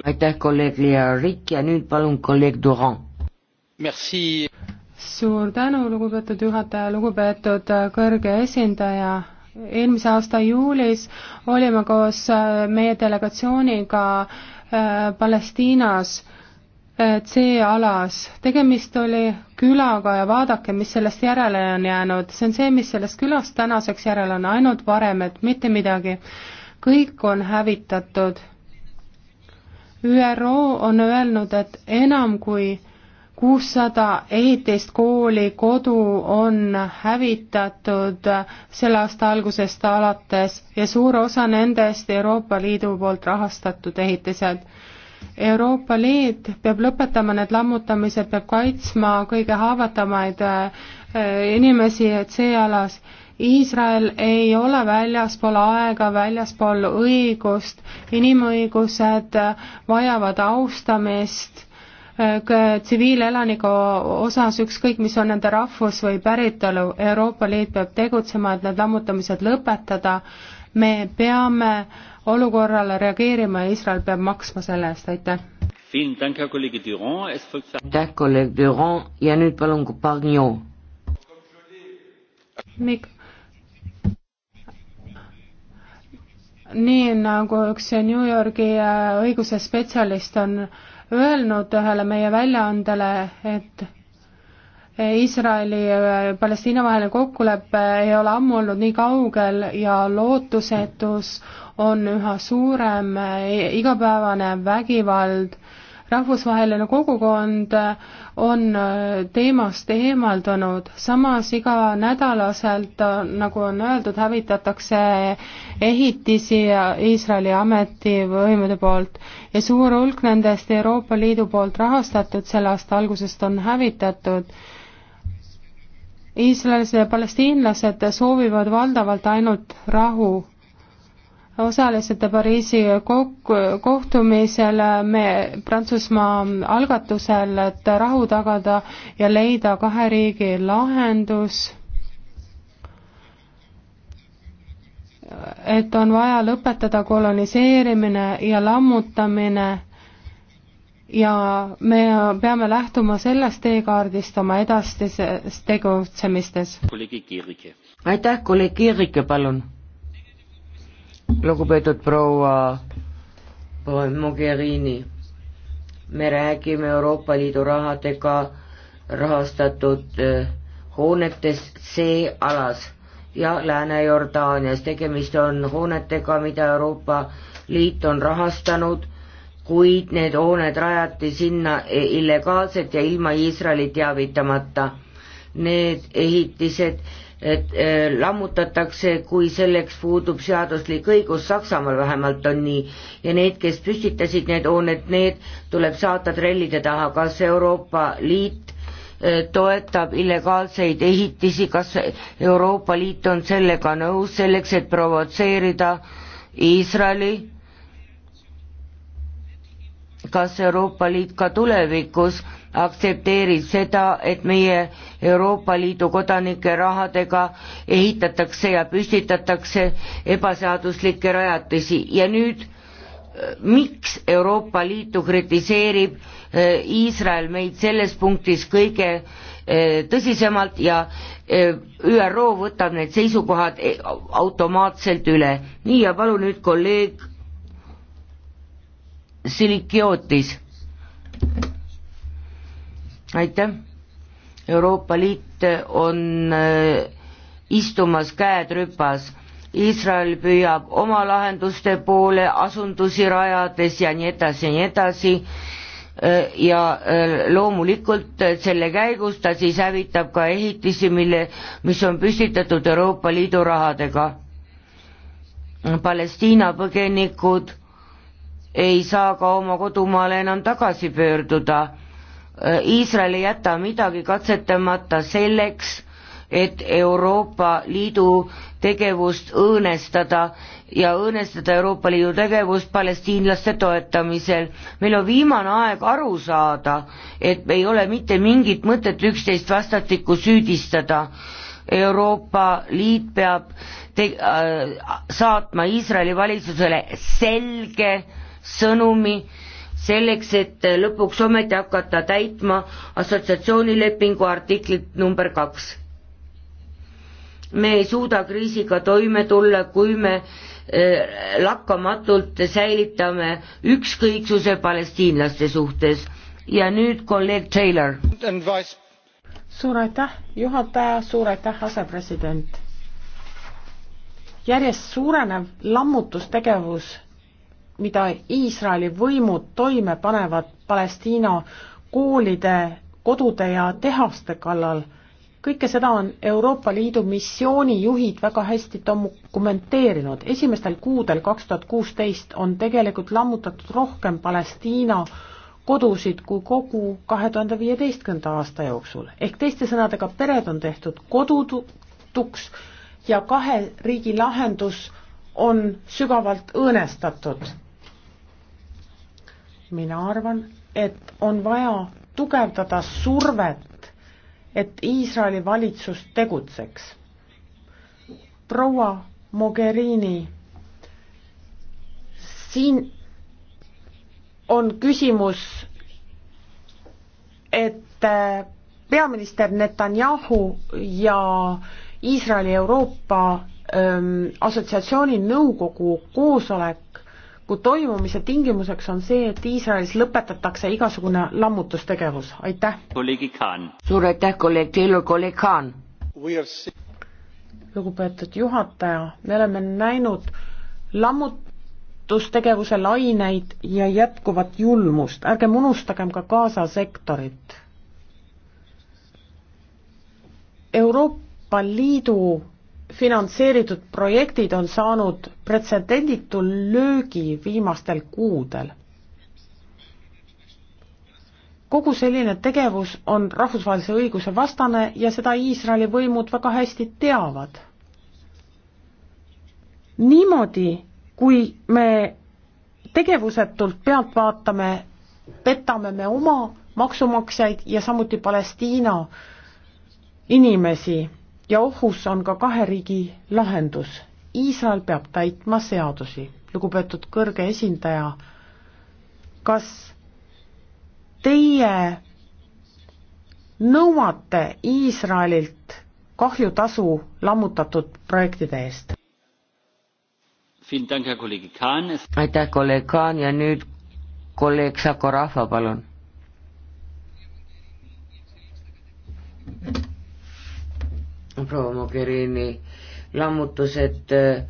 Speaker 3: aitäh, kolleeg Liia Rikk ja nüüd palun kolleeg Durand suur tänu, lugupeetud juhataja, lugupeetud äh, kõrge esindaja. eelmise aasta juulis olime koos äh, meie delegatsiooniga äh, Palestiinas C-alas. tegemist oli külaga ja vaadake, mis sellest järele on jäänud. see on see, mis sellest külast tänaseks järele on, ainult varemed, mitte midagi. kõik on hävitatud. ÜRO on öelnud, et enam kui kuussada ehitist kooli kodu on hävitatud selle aasta algusest alates ja suur osa nendest Euroopa Liidu poolt rahastatud ehitised. Euroopa Liit peab lõpetama need lammutamised, peab kaitsma kõige haavatavamaid äh, inimesi C-alas. Iisrael ei ole väljaspool aega, väljaspool õigust, inimõigused vajavad austamist Äh, tsiviilelaniku osas, ükskõik mis on nende rahvus või päritolu, Euroopa Liit peab tegutsema, et need lammutamised lõpetada, me peame olukorrale reageerima ja Iisrael peab maksma selle eest, aitäh. aitäh, kolleeg Durand ja nüüd palun Pagnon. Mik-. nii nagu üks New Yorgi äh, õiguse spetsialist on äh, öelnud ühele meie väljaandele, et Iisraeli ja Palestiina vaheline kokkulepe ei ole ammu olnud nii kaugel ja lootusetus on üha suurem igapäevane vägivald rahvusvaheline kogukond on äh, teemast eemaldunud, samas iganädalaselt, äh, nagu on öeldud, hävitatakse ehitisi Iisraeli ametivõimude poolt ja suur hulk nendest Euroopa Liidu poolt rahastatud selle aasta algusest on hävitatud iisraellased ja palestiinlased soovivad valdavalt ainult rahu osalesite Pariisi kokku, kohtumisel me Prantsusmaa algatusel, et rahu tagada ja leida kahe riigi lahendus, et on vaja lõpetada koloniseerimine ja lammutamine ja me peame lähtuma sellest teekaardist oma edastistes tegutsemistes.
Speaker 1: aitäh, kolleeg Kiirike, palun lugupeetud proua Mogherini, me räägime Euroopa Liidu rahadega rahastatud eh, hoonetest C-alas ja Lääne-Jordaanias, tegemist on hoonetega, mida Euroopa Liit on rahastanud, kuid need hooned rajati sinna eh, illegaalselt ja ilma Iisraeli teavitamata. Need ehitised et eh, lammutatakse, kui selleks puudub seaduslik õigus, Saksamaal vähemalt on nii, ja need, kes püstitasid need hooned, need tuleb saata trellide taha, kas Euroopa Liit eh, toetab illegaalseid ehitisi, kas Euroopa Liit on sellega nõus, selleks et provotseerida Iisraeli, kas Euroopa Liit ka tulevikus aktsepteerib seda, et meie Euroopa Liidu kodanike rahadega ehitatakse ja püstitatakse ebaseaduslikke rajatisi ja nüüd äh, miks Euroopa Liitu kritiseerib äh, Iisrael meid selles punktis kõige äh, tõsisemalt ja ÜRO võtab need seisukohad automaatselt üle. nii ja palun nüüd kolleeg Silikiotis aitäh. Euroopa Liit on äh, istumas käed rüpas. Iisrael püüab oma lahenduste poole asundusi rajades ja nii edasi ja nii edasi äh, ja äh, loomulikult selle käigus ta siis hävitab ka ehitisi, mille, mis on püstitatud Euroopa Liidu rahadega. Palestiina põgenikud ei saa ka oma kodumaale enam tagasi pöörduda Iisrael ei jäta midagi katsetamata selleks, et Euroopa Liidu tegevust õõnestada ja õõnestada Euroopa Liidu tegevust palestiinlaste toetamisel. meil on viimane aeg aru saada, et ei ole mitte mingit mõtet üksteist vastastikku süüdistada. Euroopa Liit peab te-, äh, saatma Iisraeli valitsusele selge sõnumi äh, selleks, et lõpuks ometi hakata täitma assotsiatsioonilepingu artiklit number kaks. me ei suuda kriisiga toime tulla, kui me eh, lakkamatult säilitame ükskõiksuse palestiinlaste suhtes ja nüüd kolleeg Taylor.
Speaker 2: suur aitäh, juhataja, suur aitäh, asepresident. järjest suurenev lammutustegevus mida Iisraeli võimud toime panevad Palestiina koolide, kodude ja tehaste kallal, kõike seda on Euroopa Liidu missioonijuhid väga hästi dokumenteerinud. esimestel kuudel kaks tuhat kuusteist on tegelikult lammutatud rohkem Palestiina kodusid kui kogu kahe tuhande viieteistkümnenda aasta jooksul. ehk teiste sõnadega, pered on tehtud kodutuks ja kahe riigi lahendus on sügavalt õõnestatud mina arvan, et on vaja tugevdada survet, et Iisraeli valitsus tegutseks. proua Mogherini, siin on küsimus, et äh, peaminister Netanyahu ja Iisraeli Euroopa ähm, assotsiatsiooni nõukogu koosolek kui toimumise tingimuseks on see, et Iisraelis lõpetatakse igasugune lammutustegevus, aitäh. suur aitäh, kolleeg Taylor, kolleeg Khan. lugupeetud juhataja, me oleme näinud lammutustegevuse laineid ja jätkuvat julmust, ärgem unustagem ka Gaza sektorit. Euroopa Liidu finantseeritud projektid on saanud pretsedenditu löögi viimastel kuudel. kogu selline tegevus on rahvusvahelise õiguse vastane ja seda Iisraeli võimud väga hästi teavad. niimoodi, kui me tegevusetult pealt vaatame, petame me oma maksumaksjaid ja samuti Palestiina inimesi ja ohus on ka kahe riigi lahendus. Iisrael peab täitma seadusi. lugupeetud kõrge esindaja, kas teie nõuate Iisraelilt kahjutasu
Speaker 1: lammutatud projektide eest? aitäh, kolleeg Kaan ja nüüd kolleeg Sako Rahva, palun proua Mogherini lammutused äh,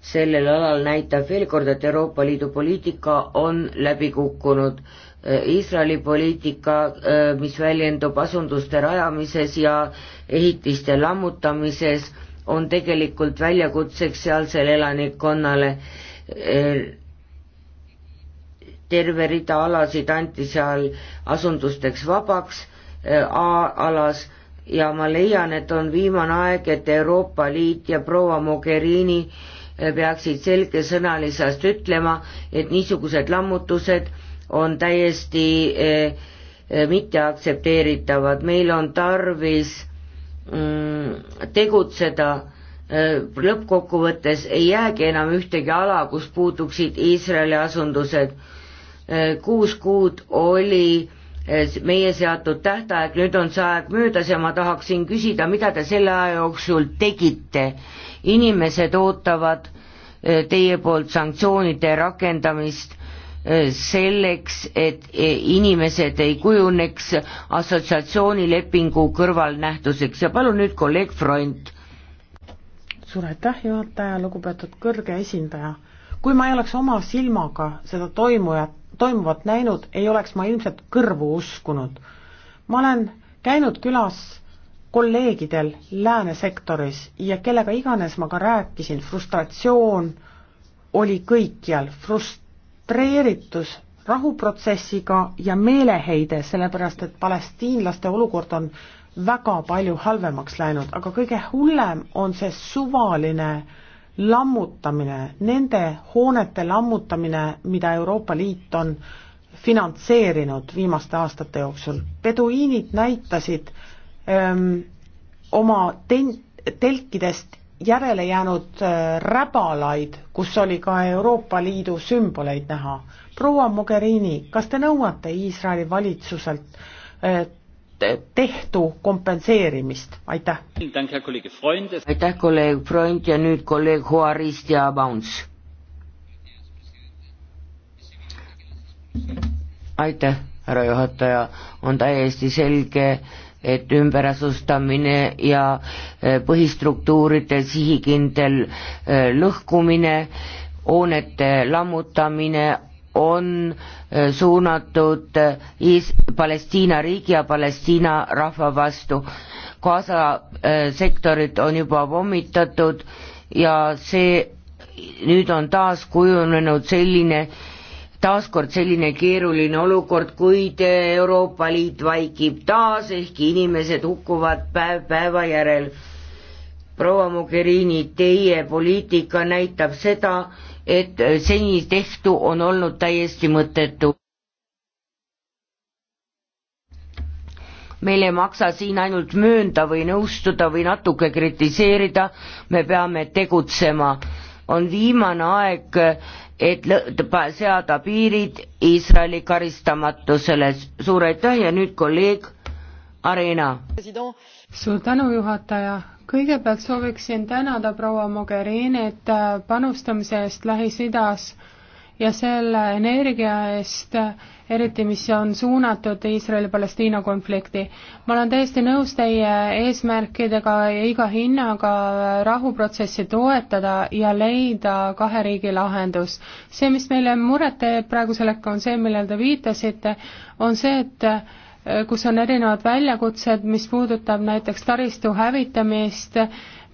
Speaker 1: sellel alal näitab veel kord, et Euroopa Liidu poliitika on läbi kukkunud. Äh, Iisraeli poliitika, äh, mis väljendub asunduste rajamises ja ehitiste lammutamises, on tegelikult väljakutseks sealsele elanikkonnale. terve rida alasid anti seal asundusteks vabaks, A-alas ja ma leian, et on viimane aeg, et Euroopa Liit ja proua Mogherini eh, peaksid selgesõnalisest ütlema, et niisugused lammutused on täiesti eh, eh, mitteaktsepteeritavad, meil on tarvis mm, tegutseda, lõppkokkuvõttes ei jäägi enam ühtegi ala, kus puuduksid Iisraeli asundused. kuus kuud oli Eh, meie seatud tähtaeg, nüüd on see aeg möödas ja ma tahaksin küsida, mida te selle aja jooksul tegite. inimesed ootavad eh, teie poolt sanktsioonide rakendamist eh, selleks, et inimesed ei kujuneks assotsiatsioonilepingu kõrvalnähtuseks ja palun nüüd kolleeg Freund.
Speaker 2: suur aitäh, juhataja, lugupeetud kõrge esindaja. kui ma ei oleks oma silmaga seda toimujat toimuvat näinud, ei oleks ma ilmselt kõrvu uskunud. ma olen käinud külas kolleegidel lääne sektoris ja kellega iganes ma ka rääkisin, frustratsioon oli kõikjal, frustreeritus rahuprotsessiga ja meeleheide, sellepärast et palestiinlaste olukord on väga palju halvemaks läinud, aga kõige hullem on see suvaline äh, lammutamine, nende hoonete lammutamine, mida Euroopa Liit on finantseerinud viimaste aastate jooksul. peduiinid näitasid öö, ähm, oma ten-, telkidest järele jäänud öö, äh, räbalaid, kus oli ka Euroopa Liidu sümboleid näha. proua Mogherini, kas te nõuate Iisraeli valitsuselt
Speaker 1: öö, äh, tehtu kompenseerimist, aitäh. aitäh, kolleeg Freund ja nüüd kolleeg Juarist ja Bounce. aitäh, härra juhataja, on täiesti selge, et ümberasustamine ja e, põhistruktuuride sihikindel e, lõhkumine hoonete lammutamine on äh, suunatud äh, Is-, Palestiina riigi ja Palestiina rahva vastu. Gaza äh, sektorit on juba pommitatud ja see nüüd on taas kujunenud selline, taaskord selline keeruline olukord, kuid Euroopa Liit vaikib taas, ehkki inimesed hukkuvad päev päeva järel proua Mogherini, teie poliitika näitab seda, et seni tehtu on olnud täiesti mõttetu. meil ei maksa siin ainult möönda või nõustuda või natuke kritiseerida, me peame tegutsema. on viimane aeg, et seada piirid Iisraeli karistamatusele. suur aitäh ja nüüd kolleeg Arena.
Speaker 3: suur tänu, juhataja. kõigepealt sooviksin tänada proua Mogherinit äh, panustamise eest Lähis-Idas ja selle energia eest, eriti mis on suunatud Iisraeli-Palestiina konflikti. ma olen täiesti nõus teie eesmärkidega ja iga hinnaga rahuprotsessi toetada ja leida kahe riigi lahendus. see, mis meile muret teeb praegusel hetkel, on see, millele te viitasite, on see, et Äh, kus on erinevad väljakutsed, mis puudutab näiteks taristu hävitamist,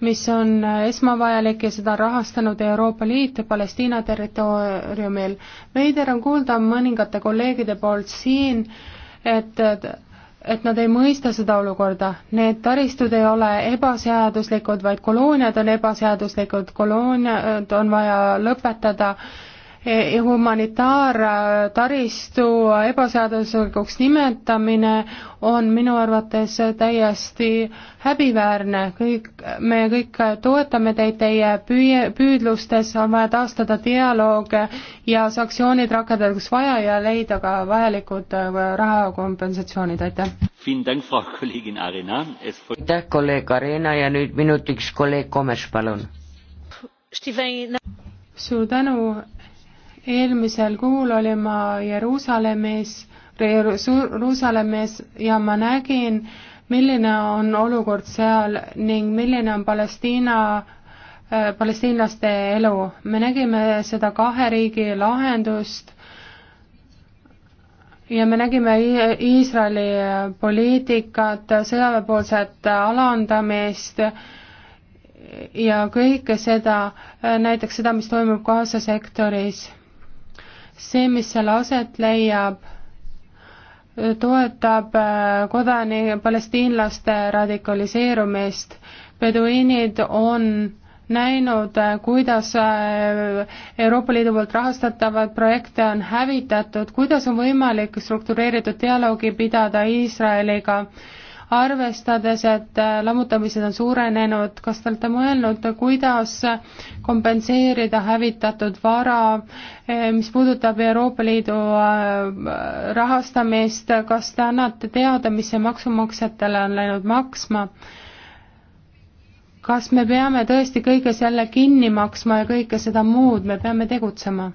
Speaker 3: mis on äh, esmavajalik ja seda on rahastanud Euroopa Liit Palestiina territooriumil. veider on kuulda mõningate kolleegide poolt siin, et et nad ei mõista seda olukorda, need taristud ei ole ebaseaduslikud, vaid kolooniad on ebaseaduslikud, kolooniad on vaja lõpetada äh, Eh, humanitaartaristu ebaseaduslikuks nimetamine on minu arvates täiesti häbiväärne, kõik, me kõik toetame teid teie püü-, püüdlustes, on vaja taastada dialoog ja sanktsioonid rakendada, kus vaja, ja leida ka vajalikud äh, rahakompensatsioonid, aitäh!
Speaker 1: aitäh, kolleeg Arena ja nüüd minutiks kolleeg Komes, palun!
Speaker 3: suur tänu, eelmisel kuul olin ma Jeruusalemmis, Jeruusalemmis ja ma nägin, milline on olukord seal ning milline on Palestiina, äh, palestiinlaste elu. me nägime seda kahe riigi lahendust ja me nägime Iisraeli poliitikat, sõjaväepoolset alandamist ja kõike seda, äh, näiteks seda, mis toimub Gaza sektoris see, mis seal aset leiab, toetab äh, kodani-, palestiinlaste radikaliseerumist. peduiinid on näinud, äh, kuidas äh, Euroopa Liidu poolt rahastatavad projekte on hävitatud, kuidas on võimalik struktureeritud dialoogi pidada Iisraeliga arvestades, et äh, lammutamised on suurenenud, kas te olete mõelnud, kuidas kompenseerida hävitatud vara, äh, mis puudutab Euroopa Liidu äh, rahastamist, kas te annate teada, mis see maksumaksjatele on läinud maksma? kas me peame tõesti kõige selle kinni maksma ja kõike seda muud, me peame tegutsema?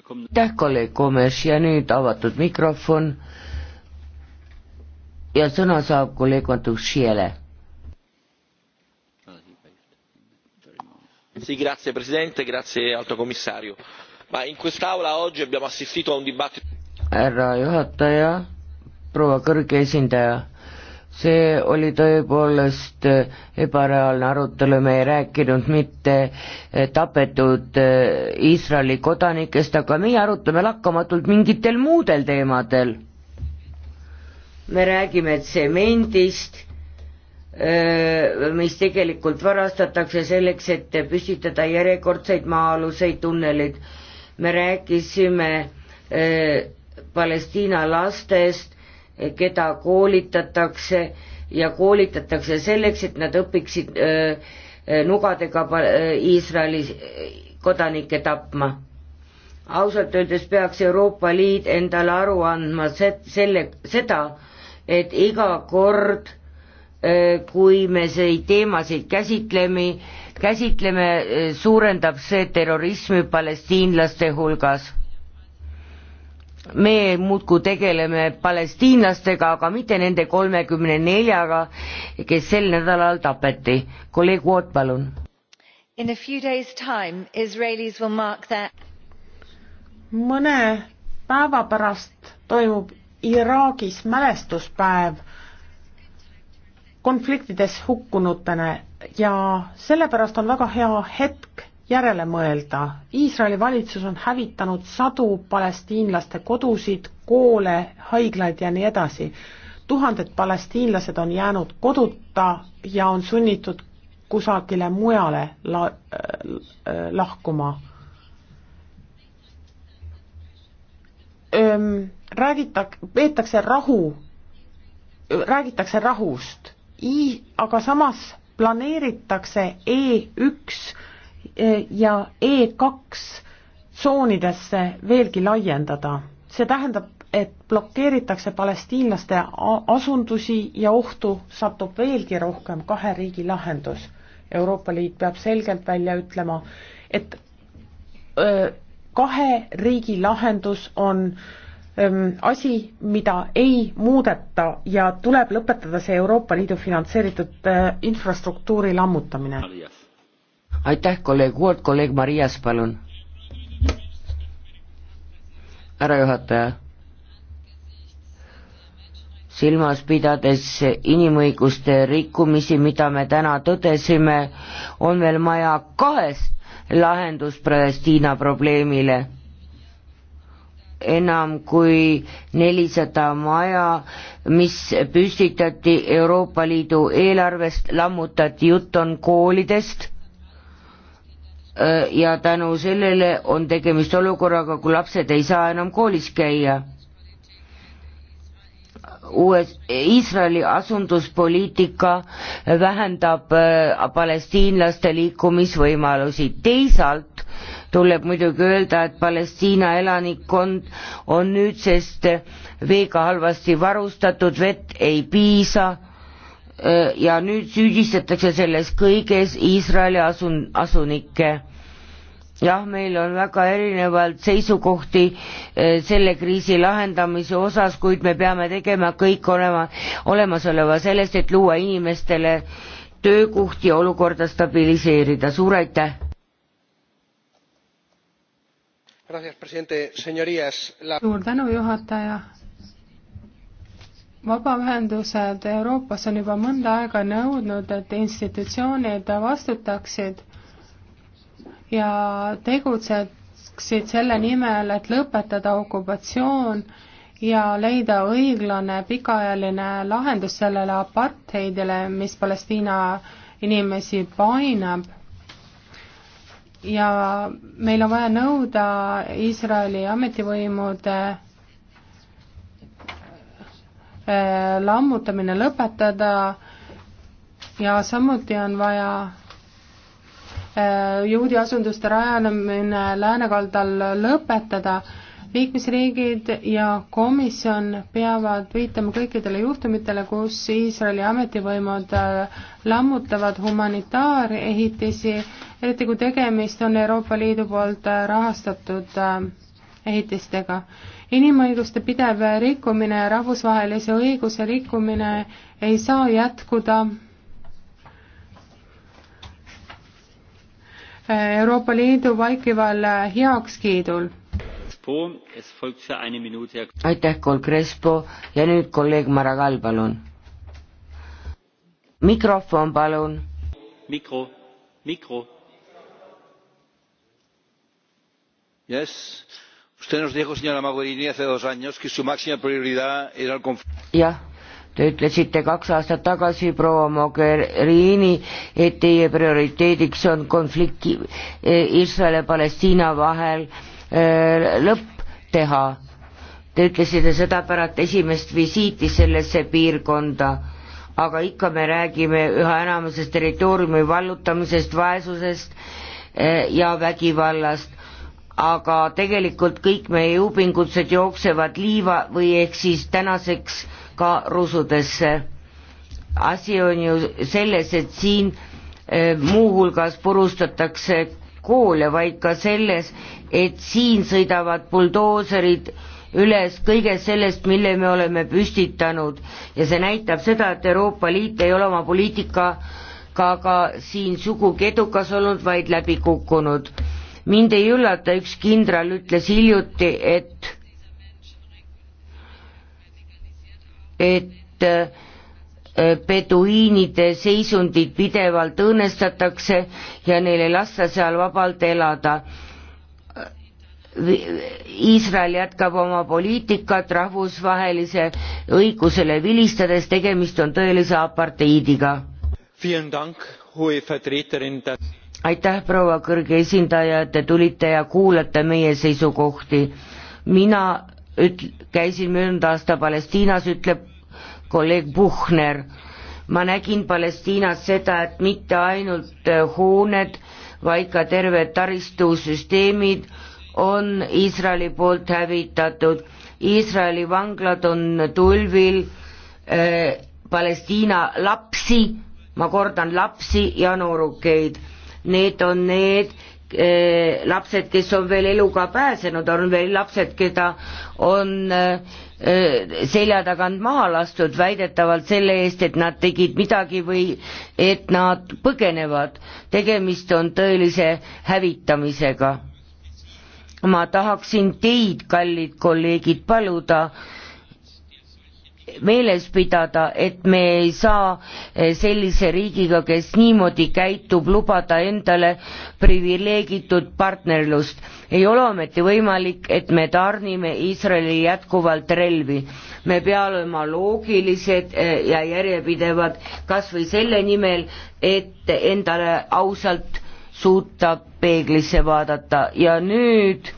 Speaker 4: aitäh, kolleeg Komes ja nüüd
Speaker 1: avatud mikrofon ja sõna saab kolleeg Matušiele.
Speaker 4: Sì, grazie Presidente, grazie Alto Commissario. Ma in quest'Aula oggi abbiamo assistito a un dibattito.
Speaker 1: Härra juhataja, proua kõrge esindaja see oli tõepoolest ebareaalne arutelu, me ei rääkinud mitte eh, tapetud eh, Iisraeli kodanikest, aga meie arutame lakkamatult mingitel muudel teemadel. me räägime tsemendist, eh, mis tegelikult varastatakse selleks, et püstitada järjekordseid maa-aluseid tunnelid. me rääkisime Palestiina lastest, keda koolitatakse ja koolitatakse selleks, et nad õpiksid öö, nugadega Iisraeli kodanikke tapma. ausalt öeldes peaks Euroopa Liit endale aru andma se-, selle, seda, et iga kord, kui me neid teemasid käsitleme, käsitleme, suurendab see terrorismi palestiinlaste hulgas me muudkui tegeleme palestiinlastega, aga mitte nende kolmekümne neljaga, kes sel nädalal tapeti. kolleeg Voot, palun.
Speaker 4: In a few days time Israelis will mark their
Speaker 1: mõne päeva
Speaker 2: pärast toimub Iraagis mälestuspäev konfliktides hukkunutele ja sellepärast on väga hea hetk järele mõelda. Iisraeli valitsus on hävitanud sadu palestiinlaste kodusid, koole, haiglaid ja nii edasi. tuhanded palestiinlased on jäänud koduta ja on sunnitud kusagile mujale la- äh,, lahkuma. Räägitak-, peetakse rahu, räägitakse rahust, aga samas planeeritakse E üks ja E kaks tsoonidesse veelgi laiendada. see tähendab, et blokeeritakse palestiinlaste asundusi ja ohtu satub veelgi rohkem kahe riigi lahendus. Euroopa Liit peab selgelt välja ütlema, et öö, kahe riigi lahendus on öö, asi, mida ei muudeta ja tuleb lõpetada see Euroopa Liidu finantseeritud öö, infrastruktuuri lammutamine
Speaker 1: aitäh, kolleeg Ward, kolleeg Marias, palun. härra juhataja. silmas pidades inimõiguste rikkumisi, mida me täna tõdesime, on veel vaja kahest lahendust Palestiina probleemile enam kui nelisada maja, mis püstitati Euroopa Liidu eelarvest, lammutati, jutt on koolidest, Äh, ja tänu sellele on tegemist olukorraga, kui lapsed ei saa enam koolis käia. US, Iisraeli asunduspoliitika vähendab äh, palestiinlaste liikumisvõimalusi, teisalt tuleb muidugi öelda, et Palestiina elanikkond on nüüdsest veega halvasti varustatud, vett ei piisa Äh, ja nüüd süüdistatakse selles kõiges Iisraeli asun-, asunikke. jah, meil on väga erinevalt seisukohti äh, selle kriisi lahendamise osas, kuid me peame tegema kõik olema, olemasoleva sellest, et luua inimestele töökohti ja olukorda stabiliseerida, suur aitäh!
Speaker 3: suur tänu, juhataja, vabaühendused Euroopas on juba mõnda aega nõudnud, et institutsioonid vastutaksid ja tegutseksid selle nimel, et lõpetada okupatsioon ja leida õiglane pikaajaline lahendus sellele apartheidile, mis Palestiina inimesi painab. ja meil on vaja nõuda Iisraeli ametivõimude Äh, lammutamine lõpetada ja samuti on vaja äh, juudi asunduste rajanemine läänekaldal lõpetada. liikmesriigid ja komisjon peavad viitama kõikidele juhtumitele, kus Iisraeli ametivõimud äh, lammutavad humanitaarehitisi, eriti kui tegemist on Euroopa Liidu poolt rahastatud ehitistega inimõiguste pidev rikkumine ja rahvusvahelise õiguse rikkumine ei saa jätkuda Euroopa Liidu vaikival heakskiidul.
Speaker 1: aitäh, kolleeg Crespo ja nüüd kolleeg Maragall, palun. mikrofon, palun.
Speaker 4: mikro, mikro. Yes Usted nos dijo, señora Mogherini, hace dos años que su máxima prioridad era el conflicto.
Speaker 1: jah, te ütlesite kaks aastat tagasi, proua Mogherini, et teie prioriteediks on konflikt eh, Iisraeli ja Palestiina vahel eh, lõpp teha. Te ütlesite seda pärast esimest visiiti sellesse piirkonda aga ikka me räägime üha enamusest territooriumi vallutamisest, vaesusest eh, ja vägivallast aga tegelikult kõik meie jõupingutused jooksevad liiva või ehk siis tänaseks ka rusudesse. asi on ju selles, et siin eh, muuhulgas purustatakse koole, vaid ka selles, et siin sõidavad buldooserid üles kõigest sellest, mille me oleme püstitanud ja see näitab seda, et Euroopa Liit ei ole oma poliitikaga ka siin sugugi edukas olnud, vaid läbi kukkunud mind ei üllata, üks kindral ütles hiljuti, et et peduiinide äh, seisundit pidevalt õõnestatakse ja neil ei lasta seal vabalt elada. Iisrael jätkab oma poliitikat rahvusvahelise õigusele vilistades, tegemist on tõelise aparteidiga aitäh, proua kõrge esindaja, et te tulite ja kuulate meie seisukohti. mina üt-, käisin möödunud aasta Palestiinas, ütleb kolleeg Puhner. ma nägin Palestiinas seda, et mitte ainult äh, hooned, vaid ka terved taristusüsteemid on Iisraeli poolt hävitatud. Iisraeli vanglad on tulvil äh, Palestiina lapsi, ma kordan, lapsi ja noorukeid need on need eh, lapsed, kes on veel eluga pääsenud, on veel lapsed, keda on eh, selja tagant maha lastud väidetavalt selle eest, et nad tegid midagi või et nad põgenevad. tegemist on tõelise hävitamisega. ma tahaksin teid, kallid kolleegid, paluda meeles pidada, et me ei saa eh, sellise riigiga, kes niimoodi käitub, lubada endale priviligeeritud partnerlust. ei ole ometi võimalik, et me tarnime Iisraeli jätkuvalt relvi. me peame olema loogilised eh, ja järjepidevad kas või selle nimel, et endale ausalt suuta peeglisse vaadata ja nüüd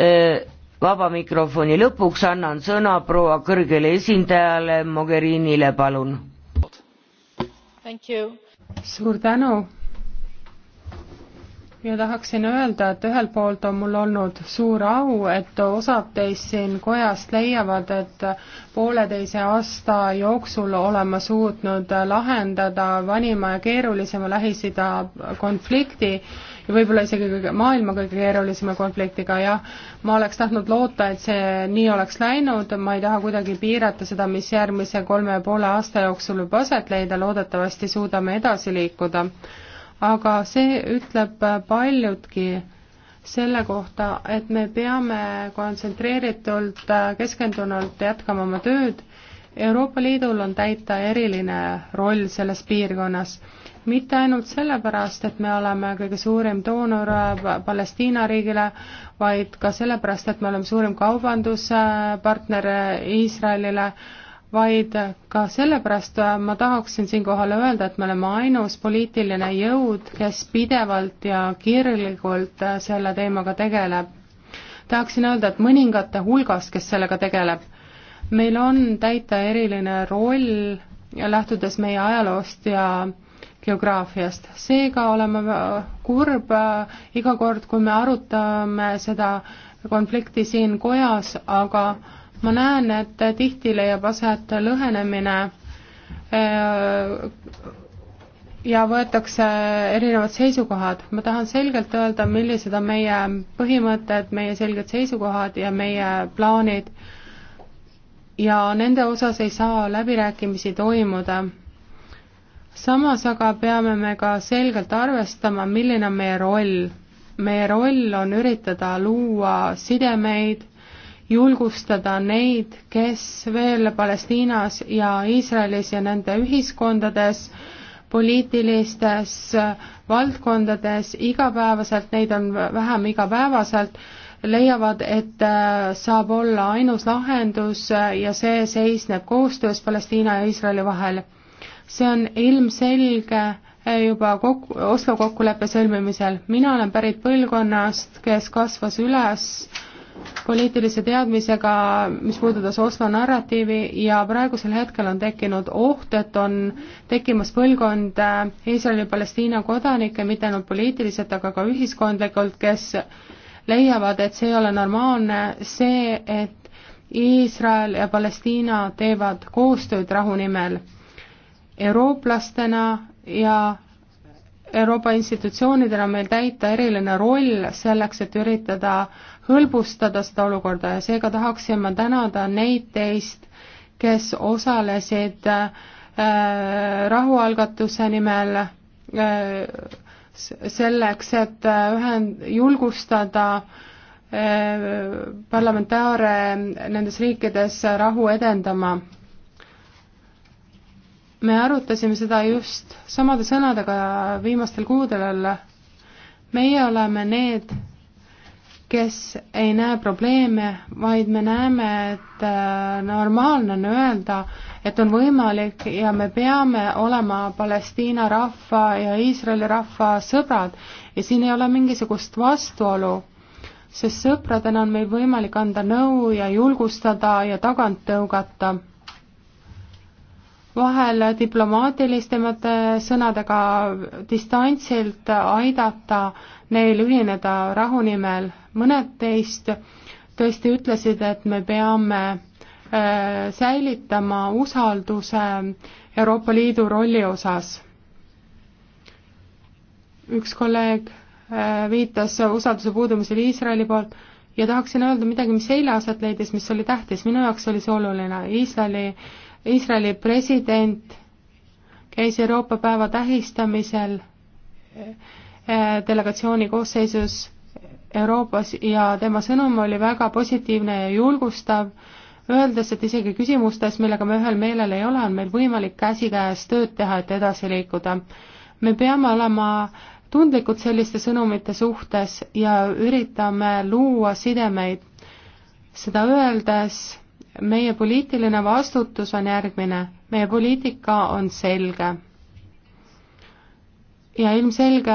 Speaker 1: öö, eh, vaba mikrofoni lõpuks annan sõna proua kõrgele esindajale Mogherinile, palun.
Speaker 3: suur tänu ja tahaksin öelda, et ühelt poolt on mul olnud suur au, et osad teist siin kojast leiavad, et pooleteise aasta jooksul olema suutnud lahendada vanima ja keerulisema Lähis-Ida konflikti ja võib-olla isegi kõige, maailma kõige keerulisema konfliktiga, jah, ma oleks tahtnud loota, et see nii oleks läinud, ma ei taha kuidagi piirata seda, mis järgmise kolme ja poole aasta jooksul võib aset leida, loodetavasti suudame edasi liikuda aga see ütleb paljudki selle kohta, et me peame kontsentreeritult, keskendunult jätkama oma tööd. Euroopa Liidul on täita eriline roll selles piirkonnas. mitte ainult sellepärast, et me oleme kõige suurim doonor Palestiina riigile, vaid ka sellepärast, et me oleme suurim kaubanduspartner Iisraelile äh,, vaid ka sellepärast ma tahaksin siinkohal öelda, et me oleme ainus poliitiline jõud, kes pidevalt ja kirglikult selle teemaga tegeleb. tahaksin öelda, et mõningate hulgast, kes sellega tegeleb. meil on täita eriline roll, lähtudes meie ajaloost ja geograafiast, seega oleme kurb iga kord, kui me arutame seda konflikti siin kojas, aga äh, ma näen, et tihti leiab aset lõhenemine äh, ja võetakse erinevad seisukohad. ma tahan selgelt öelda, millised on meie põhimõtted, meie selged seisukohad ja meie plaanid. ja nende osas ei saa läbirääkimisi toimuda. samas aga peame me ka selgelt arvestama, milline on meie roll. meie roll on üritada luua sidemeid julgustada neid, kes veel Palestiinas ja Iisraelis ja nende ühiskondades, poliitilistes valdkondades igapäevaselt, neid on vähem igapäevaselt, leiavad, et äh, saab olla ainus lahendus äh, ja see seisneb koostöös Palestiina ja Iisraeli vahel. see on ilmselge äh, juba kokku, Oslo kokkuleppe sõlmimisel. mina olen pärit põlvkonnast, kes kasvas üles äh, poliitilise teadmisega, mis puudutas Oslo narratiivi ja praegusel hetkel on tekkinud oht, et on tekkimas põlvkond äh, Iisraeli-Palestiina kodanikke, mitte ainult poliitiliselt, aga ka ühiskondlikult, kes leiavad, et see ei ole normaalne, see, et Iisrael ja Palestiina teevad koostööd rahu nimel eurooplastena ja Euroopa institutsioonidel on meil täita eriline roll selleks, et üritada hõlbustada seda olukorda ja seega tahaksin ma tänada neid teist, kes osalesid äh, rahualgatuse nimel äh, selleks, et äh, ühend- äh,, julgustada parlamentaare nendes riikides rahu edendama. me arutasime seda just samade sõnadega viimastel kuudel. meie oleme need, kes ei näe probleeme, vaid me näeme, et äh, normaalne on öelda, et on võimalik ja me peame olema Palestiina rahva ja Iisraeli rahva sõbrad ja siin ei ole mingisugust vastuolu, sest sõpradena on meil võimalik anda nõu ja julgustada ja tagant tõugata vahel diplomaatilisemate sõnadega distantsilt aidata neil ühineda rahu nimel. mõned teist tõesti ütlesid, et me peame äh, säilitama usalduse Euroopa Liidu rolli osas. üks kolleeg äh, viitas usalduse puudumisele Iisraeli poolt ja tahaksin öelda midagi, mis eile aset leidis, mis oli tähtis, minu jaoks oli see oluline, Iisraeli äh, Iisraeli president käis Euroopa päeva tähistamisel eh, eh, delegatsiooni koosseisus Euroopas ja tema sõnum oli väga positiivne ja julgustav, öeldes, et isegi küsimustes, millega me ühel meelel ei ole, on meil võimalik käsikäes tööd teha, et edasi liikuda. me peame olema tundlikud selliste sõnumite suhtes ja üritame luua sidemeid. seda öeldes meie poliitiline vastutus on järgmine, meie poliitika on selge. ja ilmselge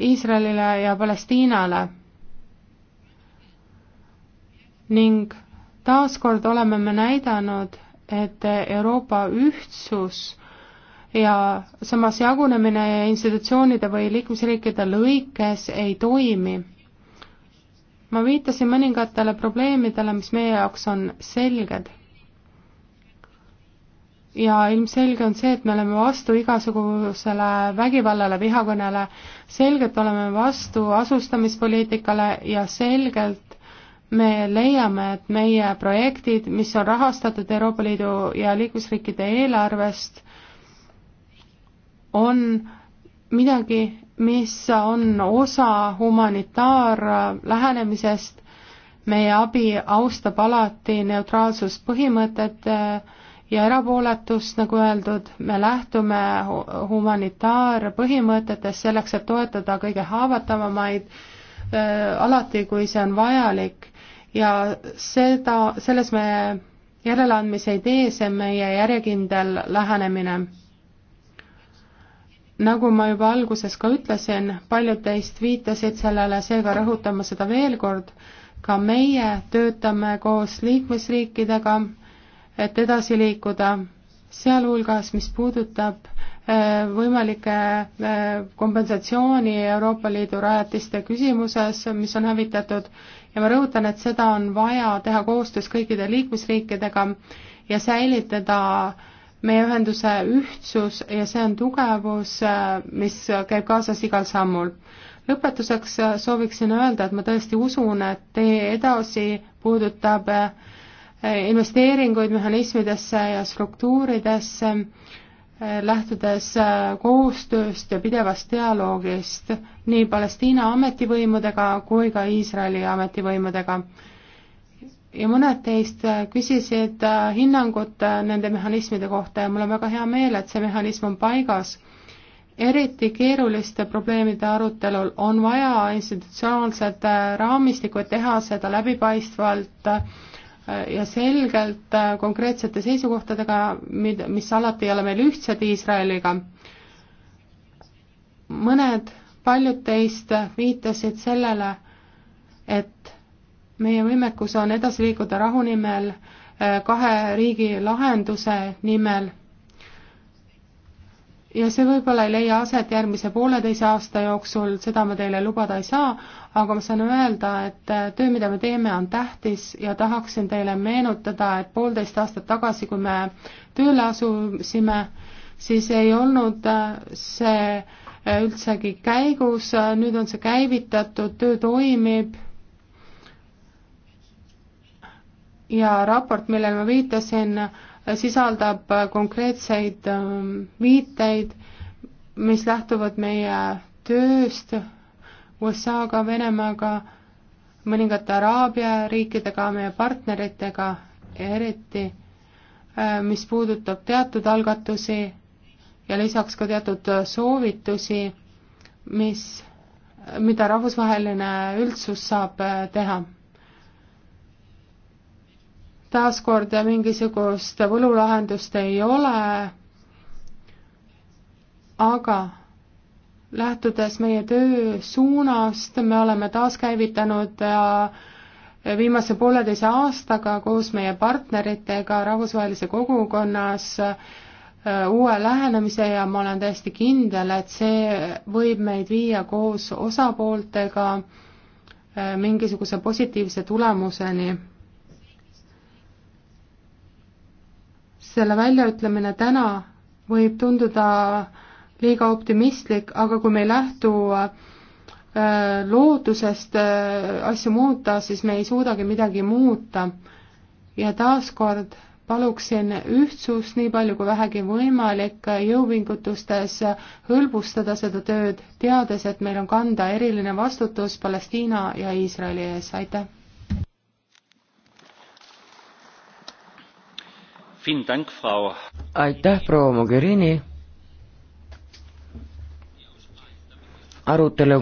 Speaker 3: Iisraelile ja Palestiinale. ning taaskord oleme me näidanud, et Euroopa ühtsus ja samas jagunemine institutsioonide või liikmesriikide lõikes ei toimi ma viitasin mõningatele probleemidele, mis meie jaoks on selged. ja ilmselge on see, et me oleme vastu igasugusele vägivallale, vihakõnele, selgelt oleme vastu asustamispoliitikale ja selgelt me leiame, et meie projektid, mis on rahastatud Euroopa Liidu ja liikmesriikide eelarvest, on midagi, mis on osa humanitaarlähenemisest, meie abi austab alati neutraalsuspõhimõtet eh, ja erapooletust, nagu öeldud, me lähtume humanitaarpõhimõtetest selleks, et toetada kõige haavatavamaid eh, alati, kui see on vajalik ja seda, selles me järeleandmise ei tee, see on meie järjekindel lähenemine nagu ma juba alguses ka ütlesin, paljud teist viitasid sellele, seega rõhutan ma seda veel kord, ka meie töötame koos liikmesriikidega, et edasi liikuda, sealhulgas, mis puudutab äh, võimalike äh, kompensatsiooni Euroopa Liidu rajatiste küsimuses, mis on hävitatud, ja ma rõhutan, et seda on vaja teha koostöös kõikide liikmesriikidega ja säilitada äh, meie ühenduse ühtsus ja see on tugevus, äh, mis käib kaasas igal sammul. lõpetuseks äh, sooviksin öelda, et ma tõesti usun, et tee edasi puudutab äh, investeeringuid mehhanismidesse ja struktuuridesse, lähtudes koostööst ja pidevast dialoogist nii Palestiina ametivõimudega kui ka Iisraeli ametivõimudega ja mõned teist äh, küsisid äh, hinnangut äh, nende mehhanismide kohta ja mul on väga hea meel, et see mehhanism on paigas. eriti keeruliste probleemide arutelul on vaja institutsionaalset raamistikku, et teha seda läbipaistvalt ja selgelt konkreetsete seisukohtadega, mid-, mis alati ei ole meil ühtsed Iisraeliga. mõned, paljud teist viitasid sellele, et meie võimekus on edasi liikuda rahu nimel, äh, kahe riigi lahenduse nimel. ja see võib-olla ei leia aset järgmise pooleteise aasta jooksul, seda ma teile lubada ei saa, aga ma saan öelda, et äh, töö, mida me teeme, on tähtis ja tahaksin teile meenutada, et poolteist aastat tagasi, kui me tööle asusime, siis ei olnud äh, see üldsegi käigus, nüüd on see käivitatud, töö toimib ja raport, millele ma viitasin, sisaldab konkreetseid ähm, viiteid, mis lähtuvad meie tööst USA-ga, Venemaaga, mõningate Araabia riikidega, meie partneritega, eriti äh, mis puudutab teatud algatusi ja lisaks ka teatud soovitusi, mis, mida rahvusvaheline üldsus saab äh, teha taaskord mingisugust võlulahendust ei ole, aga lähtudes meie töö suunast, me oleme taaskäivitanud äh, viimase pooleteise aastaga koos meie partneritega rahvusvahelise kogukonnas äh, uue lähenemise ja ma olen täiesti kindel, et see võib meid viia koos osapooltega äh, mingisuguse positiivse tulemuseni selle väljaütlemine täna võib tunduda liiga optimistlik, aga kui me ei lähtu äh, loodusest äh, asju muuta, siis me ei suudagi midagi muuta. ja taaskord paluksin ühtsust nii palju kui vähegi võimalik äh, jõupingutustes hõlbustada seda tööd, teades, et meil on kanda eriline vastutus Palestiina ja Iisraeli ees, aitäh! aitäh, proua
Speaker 1: Mogherini. arutelu